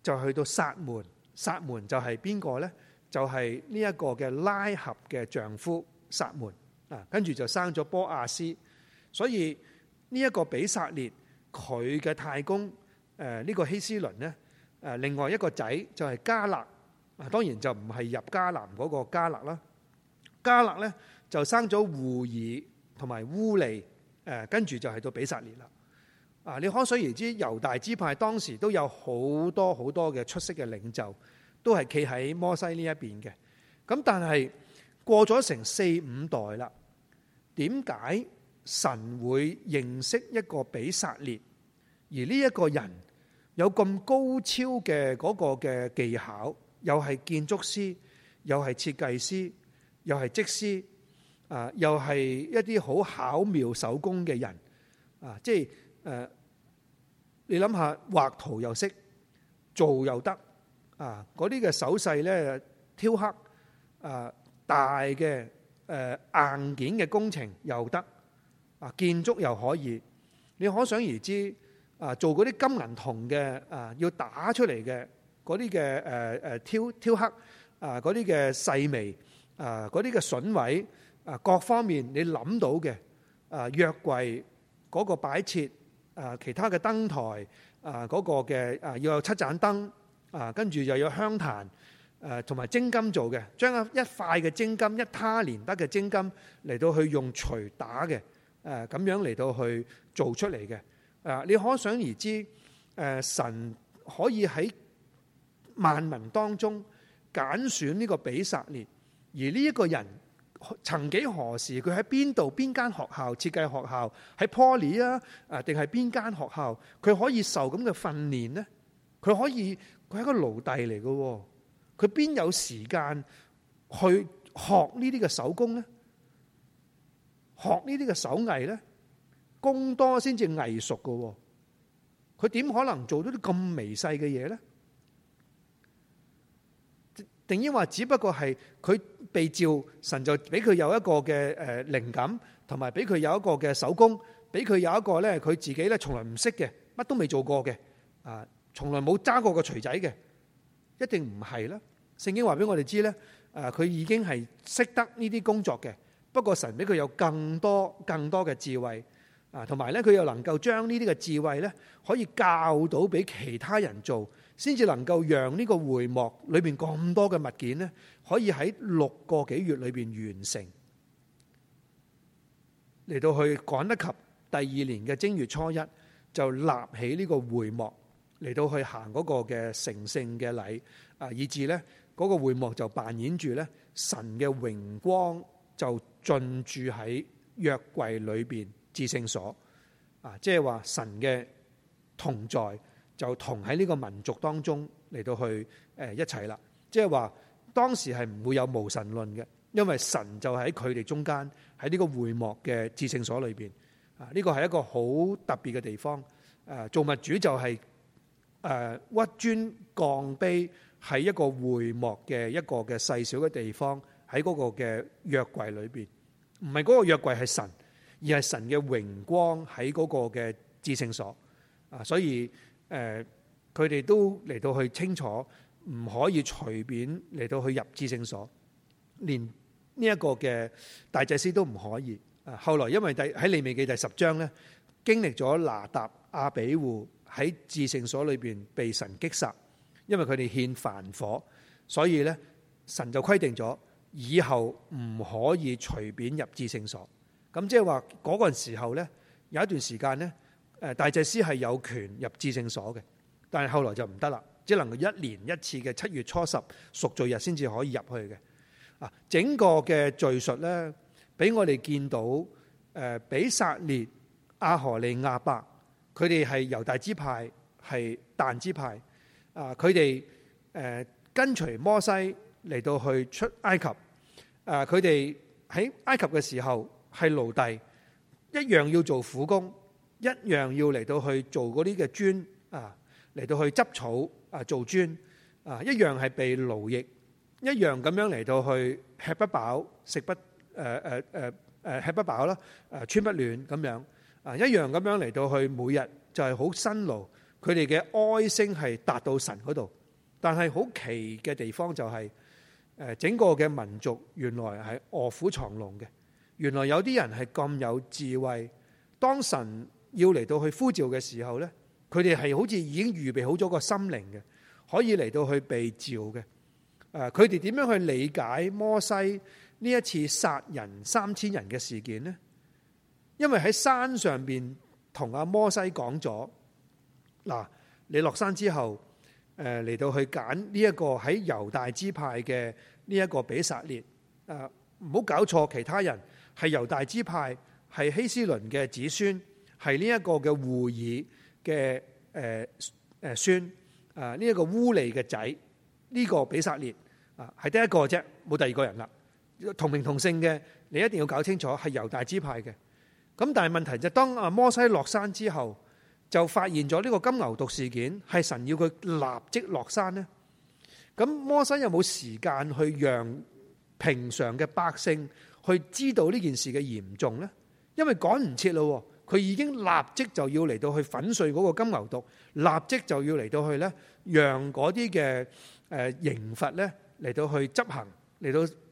就去到撒門，撒門就係邊個咧？就係呢一個嘅拉合嘅丈夫撒門啊。跟住就生咗波亞斯，所以呢一個比撒列佢嘅太公誒呢個希斯倫呢。誒，另外一個仔就係迦勒，當然就唔係入迦南嗰個迦勒啦。迦勒咧就生咗戶珥同埋烏利，誒跟住就去到比撒列啦。啊，你可想而知，猶大支派當時都有好多好多嘅出色嘅領袖，都係企喺摩西呢一邊嘅。咁但係過咗成四五代啦，點解神會認識一個比撒列？而呢一個人？有咁高超嘅嗰個嘅技巧，又係建築師，又係設計師，又係技師，啊，又係一啲好巧妙手工嘅人，啊，即係誒，你諗下畫圖又識，做又得，啊，嗰啲嘅手勢咧挑刻，啊，大嘅誒硬件嘅工程又得，啊，建築又可以，你可想而知。啊！做嗰啲金銀銅嘅啊，要打出嚟嘅嗰啲嘅誒誒挑挑黑啊，嗰啲嘅細微啊，嗰啲嘅筍位啊，各方面你諗到嘅啊，約櫃嗰個擺設啊，其他嘅燈台啊，嗰個嘅啊要有七盞燈啊，跟住又有香壇誒，同埋精金做嘅，將一塊嘅精金一他連得嘅精金嚟到去用錘打嘅誒，咁樣嚟到去做出嚟嘅。啊！你可想而知，誒神可以喺萬民當中揀選呢個比撒列。而呢一個人曾幾何時佢喺邊度？邊間學校設計學校？喺 Poly 啊？啊，定係邊間學校？佢可以受咁嘅訓練咧？佢可以佢係一個奴隸嚟嘅喎，佢邊有時間去學呢啲嘅手工咧？學呢啲嘅手藝咧？工多先至藝熟嘅，佢點可能做到啲咁微細嘅嘢咧？定抑話只不過係佢被召，神就俾佢有一個嘅誒靈感，同埋俾佢有一個嘅手工，俾佢有一個咧，佢自己咧從來唔識嘅，乜都未做過嘅，啊從來冇揸過個錘仔嘅，一定唔係啦。聖經話俾我哋知咧，啊佢已經係識得呢啲工作嘅，不過神俾佢有更多更多嘅智慧。啊，同埋咧，佢又能夠將呢啲嘅智慧咧，可以教到俾其他人做，先至能夠讓呢個會幕裏邊咁多嘅物件咧，可以喺六個幾月裏邊完成，嚟到去趕得及第二年嘅正月初一，就立起呢個會幕，嚟到去行嗰個嘅成聖嘅禮啊，以至咧嗰個會幕就扮演住咧神嘅榮光就進駐喺約櫃裏邊。至聖所啊，即係話神嘅同在就同喺呢個民族當中嚟到去誒、呃、一齊啦。即係話當時係唔會有無神論嘅，因為神就喺佢哋中間喺呢個會幕嘅至聖所裏邊啊，呢個係一個好特別嘅地方。誒、啊，造物主就係、是、誒、呃、屈尊降卑喺一個會幕嘅一個嘅細小嘅地方喺嗰個嘅約櫃裏邊，唔係嗰個約櫃係神。而係神嘅榮光喺嗰個嘅至聖所啊，所以誒，佢、呃、哋都嚟到去清楚，唔可以隨便嚟到去入至聖所，連呢一個嘅大祭司都唔可以。啊，後來因為第喺利未記第十章咧，經歷咗拿達阿比戶喺至聖所裏邊被神擊殺，因為佢哋獻燔火，所以咧神就規定咗以後唔可以隨便入至聖所。咁即係話嗰個時候呢，有一段時間呢，誒大祭司係有權入智政所至聖所嘅，但係後來就唔得啦，只能夠一年一次嘅七月初十贖罪日先至可以入去嘅啊。整個嘅敘述呢，俾我哋見到誒，比撒列阿荷利亞伯佢哋係猶大支派係但支派啊，佢哋誒跟隨摩西嚟到去出埃及啊，佢哋喺埃及嘅時候。係奴隸，一樣要做苦工，一樣要嚟到去做嗰啲嘅磚啊，嚟到去執草啊做磚啊，一樣係被奴役，一樣咁樣嚟到去吃不飽，食不誒誒誒誒吃不飽啦，穿、啊、不暖咁樣啊，一樣咁樣嚟到去每日就係好辛勞，佢哋嘅哀聲係達到神嗰度，但係好奇嘅地方就係、是、誒、啊、整個嘅民族原來係卧虎藏龍嘅。原來有啲人係咁有智慧，當神要嚟到去呼召嘅時候呢，佢哋係好似已經預備好咗個心靈嘅，可以嚟到去被召嘅。誒、啊，佢哋點樣去理解摩西呢一次殺人三千人嘅事件呢？因為喺山上邊同阿摩西講咗，嗱、啊，你落山之後，誒、啊、嚟到去揀呢一個喺猶大支派嘅呢一個比撒列，誒、啊，唔好搞錯其他人。係猶大支派，係希斯崙嘅子孫，係呢一個嘅戶珥嘅誒誒孫，啊呢一個烏利嘅仔，呢、這個比撒列啊係得一個啫，冇第二個人啦。同名同姓嘅，你一定要搞清楚係猶大支派嘅。咁但係問題就是、當啊摩西落山之後，就發現咗呢個金牛犢事件，係神要佢立即落山咧。咁摩西有冇時間去讓平常嘅百姓？去知道呢件事嘅嚴重咧，因為趕唔切咯，佢已經立即就要嚟到去粉碎嗰個金牛毒，立即就要嚟到去咧，讓嗰啲嘅誒刑罰咧嚟到去執行，嚟到誒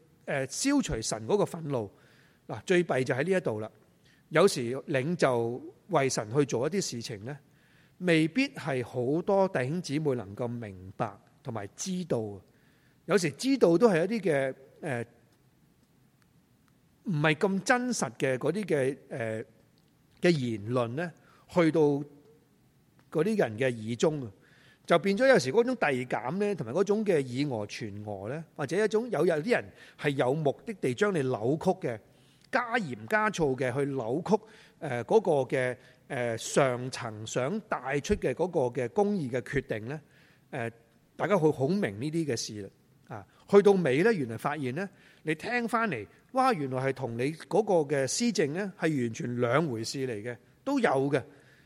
消除神嗰個憤怒嗱，最弊就喺呢一度啦。有時領袖為神去做一啲事情咧，未必係好多弟兄姊妹能夠明白同埋知道，有時知道都係一啲嘅誒。唔係咁真實嘅嗰啲嘅誒嘅言論咧，去到嗰啲人嘅耳中，就變咗有時嗰種遞減咧，同埋嗰種嘅以訛傳訛咧，或者一種有有啲人係有目的地將你扭曲嘅，加鹽加醋嘅去扭曲誒嗰個嘅誒上層想帶出嘅嗰個嘅公義嘅決定咧，誒大家去好明呢啲嘅事啊，去到尾咧，原來發現咧。你聽翻嚟，哇！原來係同你嗰個嘅施政呢，係完全兩回事嚟嘅，都有嘅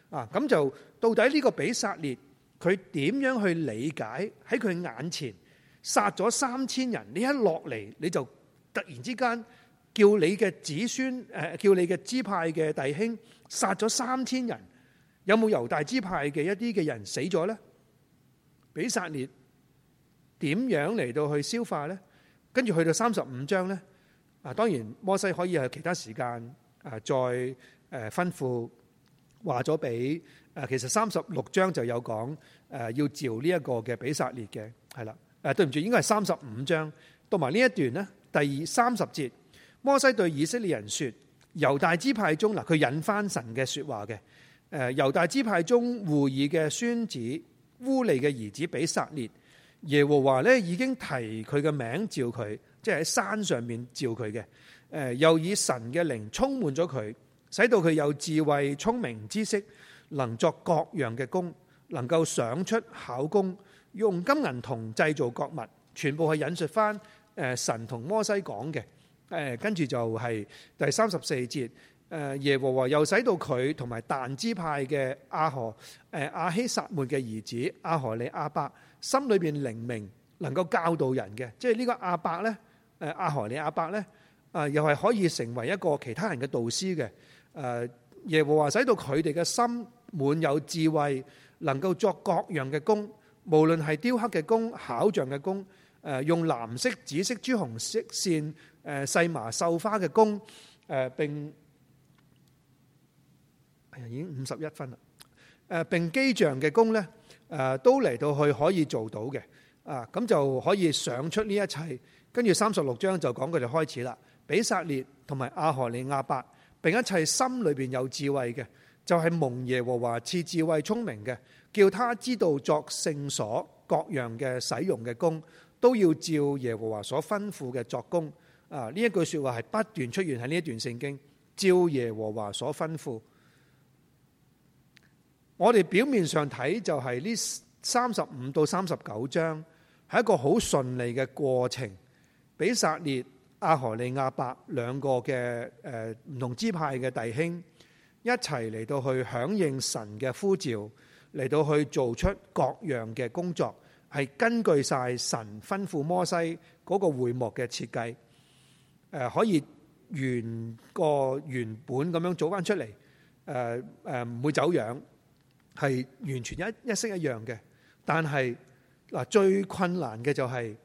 啊！咁就到底呢個比撒列佢點樣去理解？喺佢眼前殺咗三千人，你一落嚟你就突然之間叫你嘅子孫、呃、叫你嘅支派嘅弟兄殺咗三千人，有冇猶大支派嘅一啲嘅人死咗呢？比撒列點樣嚟到去消化呢？跟住去到三十五章呢，啊，當然摩西可以係其他時間啊，再誒吩咐話咗俾誒，其實三十六章就有講誒，要召呢一個嘅比撒列嘅係啦，誒對唔住，應該係三十五章，讀埋呢一段呢，第三十節，摩西對以色列人說，猶大支派中嗱，佢引翻神嘅說話嘅，誒，猶大支派中戶珥嘅孫子烏利嘅兒子比撒列。耶和華咧，已經提佢嘅名召佢，即係喺山上面召佢嘅。誒又以神嘅靈充滿咗佢，使到佢有智慧、聰明、知識，能作各樣嘅工，能夠想出巧工，用金銀銅製造各物，全部係引述翻誒神同摩西講嘅。誒跟住就係第三十四節。誒耶和華又使到佢同埋但支派嘅阿何誒阿希撒末嘅兒子阿何利阿伯心裏邊靈明，能夠教導人嘅，即係呢個阿伯咧誒阿何利阿伯咧啊，又係可以成為一個其他人嘅導師嘅誒。耶和華使到佢哋嘅心滿有智慧，能夠作各樣嘅工，無論係雕刻嘅工、巧匠嘅工誒，用藍色、紫色、朱紅色線誒細麻繡花嘅工誒，並已經五十一分啦。誒，並機匠嘅工呢，誒都嚟到去可以做到嘅。啊，咁就可以想出呢一切。跟住三十六章就講佢哋開始啦。比撒列同埋阿何利亞伯，並一切心裏邊有智慧嘅，就係、是、蒙耶和華賜智慧聰明嘅，叫他知道作聖所各樣嘅使用嘅工，都要照耶和華所吩咐嘅作工。啊，呢一句說話係不斷出現喺呢一段聖經，照耶和華所吩咐。我哋表面上睇就係呢三十五到三十九章係一個好順利嘅過程，比撒列、阿荷利亞伯兩個嘅誒唔同支派嘅弟兄一齊嚟到去響應神嘅呼召，嚟到去做出各樣嘅工作，係根據晒神吩咐摩西嗰個會幕嘅設計，誒、呃、可以原個原本咁樣做翻出嚟，誒誒唔會走樣。係完全一一式一樣嘅，但係嗱最困難嘅就係、是、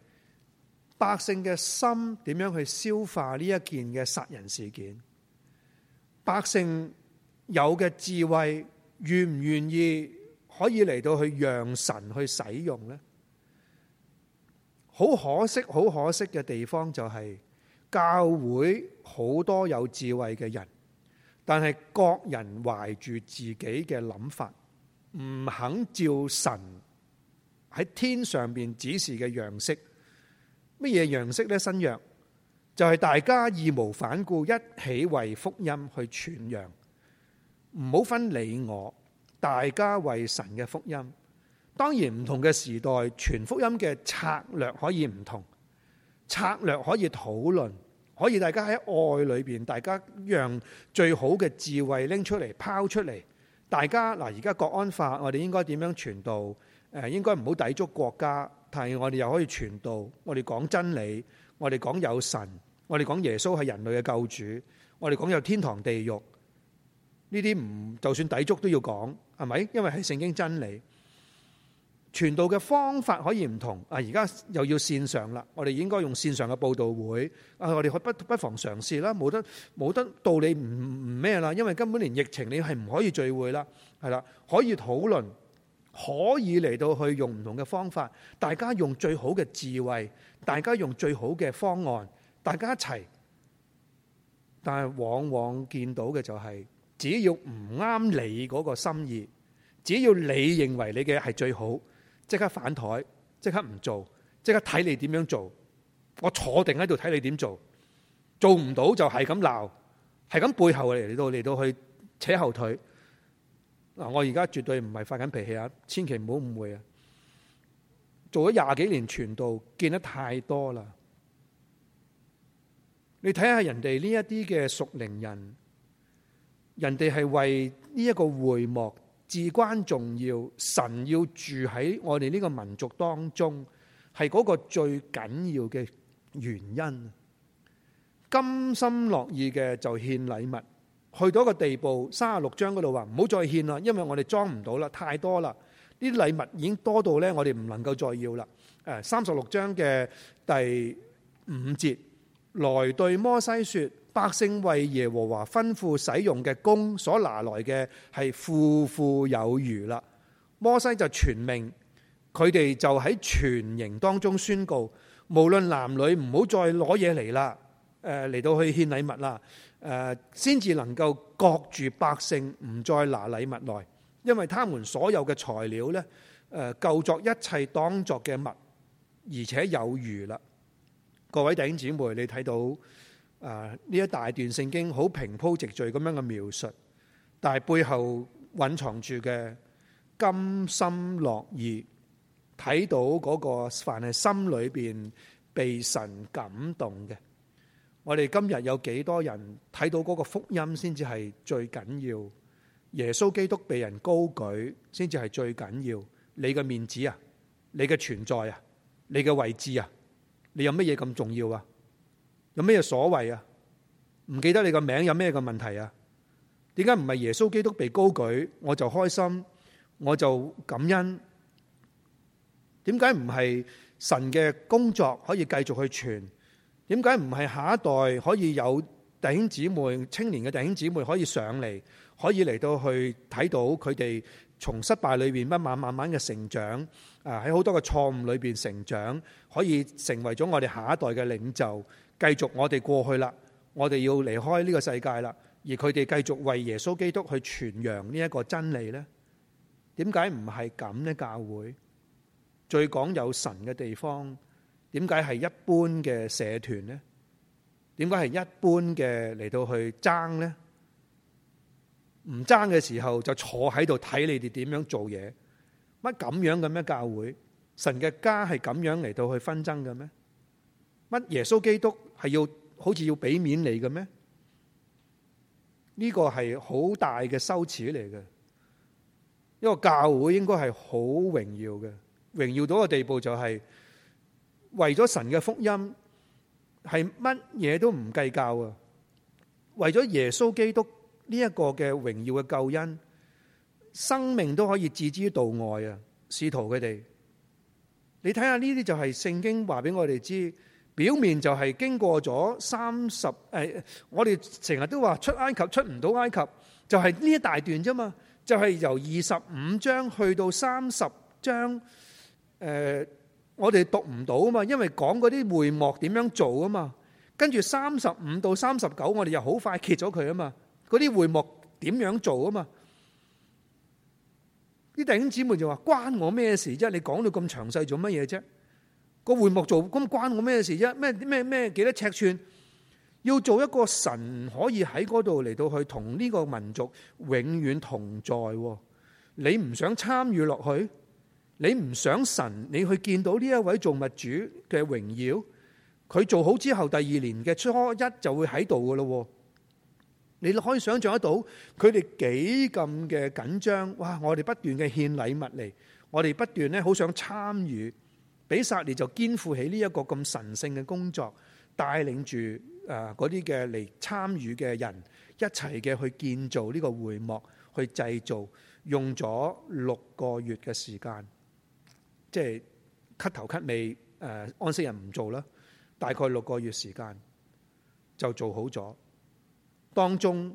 百姓嘅心點樣去消化呢一件嘅殺人事件？百姓有嘅智慧願唔願意可以嚟到去讓神去使用呢？好可惜，好可惜嘅地方就係、是、教會好多有智慧嘅人，但係各人懷住自己嘅諗法。唔肯照神喺天上邊指示嘅樣式，乜嘢樣式咧？新約就係大家義無反顧，一起為福音去傳揚，唔好分你我，大家為神嘅福音。當然唔同嘅時代，傳福音嘅策略可以唔同，策略可以討論，可以大家喺愛裏邊，大家讓最好嘅智慧拎出嚟，拋出嚟。大家嗱，而家國安法，我哋應該點樣傳道？誒，應該唔好抵觸國家，但係我哋又可以傳道。我哋講真理，我哋講有神，我哋講耶穌係人類嘅救主，我哋講有天堂地獄。呢啲唔就算抵觸都要講，係咪？因為係聖經真理。傳道嘅方法可以唔同啊！而家又要線上啦，我哋應該用線上嘅佈道會啊！我哋可不不妨嘗試啦，冇得冇得道理唔唔咩啦，因為根本連疫情你係唔可以聚會啦，係啦，可以討論，可以嚟到去用唔同嘅方法，大家用最好嘅智慧，大家用最好嘅方案，大家一齊。但係往往見到嘅就係，只要唔啱你嗰個心意，只要你認為你嘅係最好。即刻反台，即刻唔做，即刻睇你點樣做。我坐定喺度睇你點做，做唔到就係咁鬧，係咁背後嚟嚟到嚟到去扯後腿。嗱，我而家絕對唔係發緊脾氣啊，千祈唔好誤會啊！做咗廿幾年傳道，見得太多啦。你睇下人哋呢一啲嘅屬靈人，人哋係為呢一個會幕。至關重要，神要住喺我哋呢個民族當中，係嗰個最緊要嘅原因。甘心樂意嘅就獻禮物，去到一個地步，三十六章嗰度話唔好再獻啦，因為我哋裝唔到啦，太多啦，呢啲禮物已經多到咧，我哋唔能夠再要啦。誒，三十六章嘅第五節，來對摩西說。百姓為耶和華吩咐使用嘅工所拿來嘅係富富有餘啦。摩西就傳命，佢哋就喺全營當中宣告，無論男女唔好再攞嘢嚟啦，誒嚟到去獻禮物啦，誒先至能夠割住百姓唔再拿禮物來，因為他們所有嘅材料呢，誒夠作一切當作嘅物，而且有餘啦。各位弟兄姊妹，你睇到。啊！呢一大段聖經好平鋪直敘咁樣嘅描述，但係背後蘊藏住嘅甘心樂意，睇到嗰個凡係心裏面被神感動嘅，我哋今日有幾多人睇到嗰個福音先至係最緊要？耶穌基督被人高舉先至係最緊要。你嘅面子啊，你嘅存在啊，你嘅位置啊，你有乜嘢咁重要啊？有咩所謂啊？唔記得你個名有咩個問題啊？點解唔係耶穌基督被高舉我就開心我就感恩？點解唔係神嘅工作可以繼續去傳？點解唔係下一代可以有弟兄姊妹、青年嘅弟兄姊妹可以上嚟，可以嚟到去睇到佢哋從失敗裏邊慢慢慢慢嘅成長，啊喺好多嘅錯誤裏邊成長，可以成為咗我哋下一代嘅領袖。繼續我哋過去啦，我哋要離開呢個世界啦，而佢哋繼續為耶穌基督去傳揚呢一個真理咧。點解唔係咁呢？教會最講有神嘅地方，點解係一般嘅社團呢？點解係一般嘅嚟到去爭呢？唔爭嘅時候就坐喺度睇你哋點樣做嘢，乜咁樣嘅咩，教會神嘅家係咁樣嚟到去紛爭嘅咩？乜耶穌基督？係要好似要俾面你嘅咩？呢個係好大嘅羞恥嚟嘅，一個教會應該係好榮耀嘅，榮耀到嘅地步就係、是、為咗神嘅福音，係乜嘢都唔計較啊！為咗耶穌基督呢一個嘅榮耀嘅救恩，生命都可以置之度外啊！試圖佢哋，你睇下呢啲就係聖經話俾我哋知。表面就係經過咗三十誒，我哋成日都話出埃及出唔到埃及，就係呢一大段啫嘛，就係由二十五章去到三十章誒，我哋讀唔到啊嘛，因為講嗰啲會幕點樣做啊嘛，跟住三十五到三十九，我哋又好快揭咗佢啊嘛，嗰啲會幕點樣做啊嘛，啲弟兄姊妹就話關我咩事啫？你講到咁詳細做乜嘢啫？個會幕做咁關我咩事啫？咩咩咩幾多尺寸？要做一個神可以喺嗰度嚟到去同呢個民族永遠同在。你唔想參與落去？你唔想神你去見到呢一位造物主嘅榮耀？佢做好之後，第二年嘅初一就會喺度噶咯。你可以想象得到，佢哋幾咁嘅緊張。哇！我哋不斷嘅獻禮物嚟，我哋不斷咧，好想參與。比撒列就肩負起呢一個咁神聖嘅工作，帶領住誒嗰啲嘅嚟參與嘅人一齊嘅去建造呢個會幕，去製造，用咗六個月嘅時間，即係咳頭咳尾誒、呃，安息人唔做啦，大概六個月時間就做好咗。當中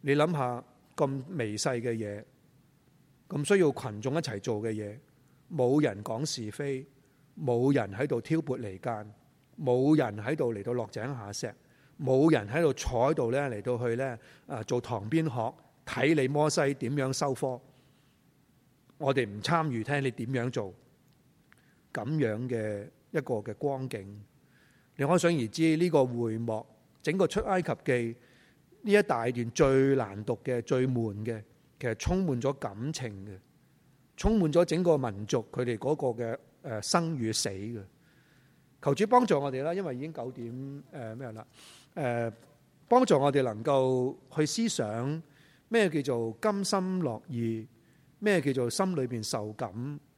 你諗下咁微細嘅嘢，咁需要群眾一齊做嘅嘢，冇人講是非。冇人喺度挑撥離間，冇人喺度嚟到落井下石，冇人喺度坐喺度咧嚟到去咧啊做堂邊學睇你摩西點樣收科，我哋唔參與聽你點樣做咁樣嘅一個嘅光景。你可想而知呢、這個會幕整個出埃及記呢一大段最難讀嘅最悶嘅，其實充滿咗感情嘅，充滿咗整個民族佢哋嗰個嘅。誒，生與死嘅，求主幫助我哋啦，因為已經九點誒咩啦？誒，幫助我哋能夠去思想咩叫做甘心樂意，咩叫做心裏面受感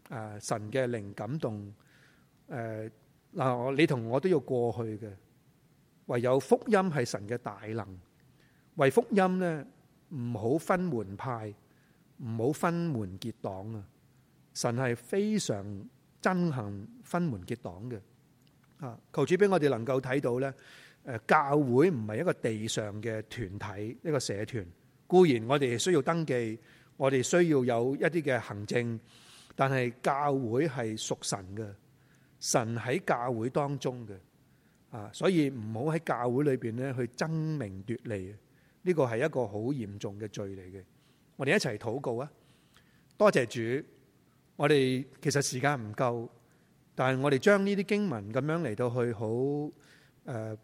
啊？神嘅靈感動誒嗱，我你同我都要過去嘅，唯有福音係神嘅大能，為福音咧，唔好分門派，唔好分門結黨啊！神係非常。進行分門結黨嘅啊！求主俾我哋能夠睇到咧，誒，教會唔係一個地上嘅團體，一個社團。固然我哋需要登記，我哋需要有一啲嘅行政，但係教會係屬神嘅，神喺教會當中嘅啊！所以唔好喺教會裏邊咧去爭名奪利，呢個係一個好嚴重嘅罪嚟嘅。我哋一齊禱告啊！多謝主。我哋其實時間唔夠，但係我哋將呢啲經文咁樣嚟到去好誒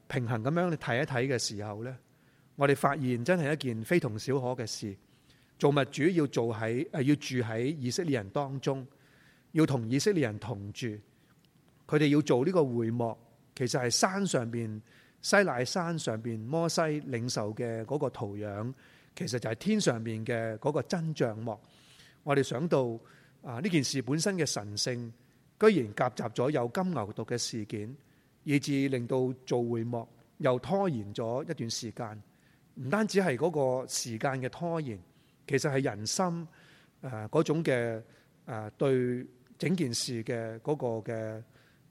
平衡咁樣去睇一睇嘅時候呢，我哋發現真係一件非同小可嘅事。造物主要做喺誒要住喺以色列人當中，要同以色列人同住。佢哋要做呢個會幕，其實係山上邊西奈山上邊摩西領受嘅嗰個圖樣，其實就係天上邊嘅嗰個真像幕。我哋想到。啊！呢件事本身嘅神聖，居然夾雜咗有金牛犢嘅事件，以致令到做會幕又拖延咗一段時間。唔單止係嗰個時間嘅拖延，其實係人心誒、啊、嗰種嘅誒、啊、對整件事嘅、嗰個嘅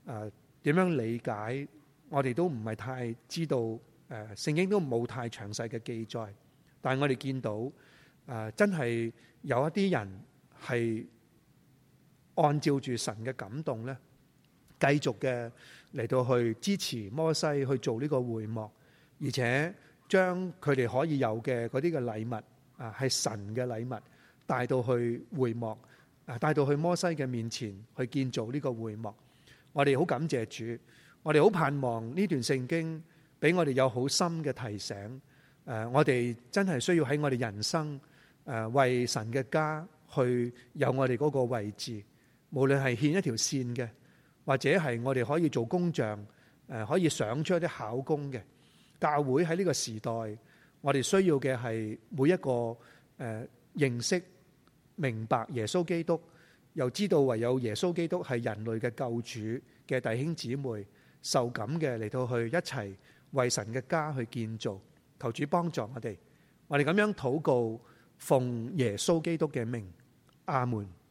誒點樣理解，我哋都唔係太知道。誒、啊，聖經都冇太詳細嘅記載，但係我哋見到誒、啊、真係有一啲人係按照住神嘅感動咧，繼續嘅嚟到去支持摩西去做呢個會幕，而且將佢哋可以有嘅嗰啲嘅禮物啊，係神嘅禮物，帶到去會幕啊，帶到去摩西嘅面前去建造呢個會幕。我哋好感謝主，我哋好盼望呢段聖經俾我哋有好深嘅提醒。誒，我哋真係需要喺我哋人生誒為神嘅家去有我哋嗰個位置。無論係獻一條線嘅，或者係我哋可以做工匠，誒可以想出一啲巧工嘅教會。喺呢個時代，我哋需要嘅係每一個誒認識明白耶穌基督，又知道唯有耶穌基督係人類嘅救主嘅弟兄姊妹，受感嘅嚟到去一齊為神嘅家去建造，求主幫助我哋，我哋咁樣禱告，奉耶穌基督嘅名，阿門。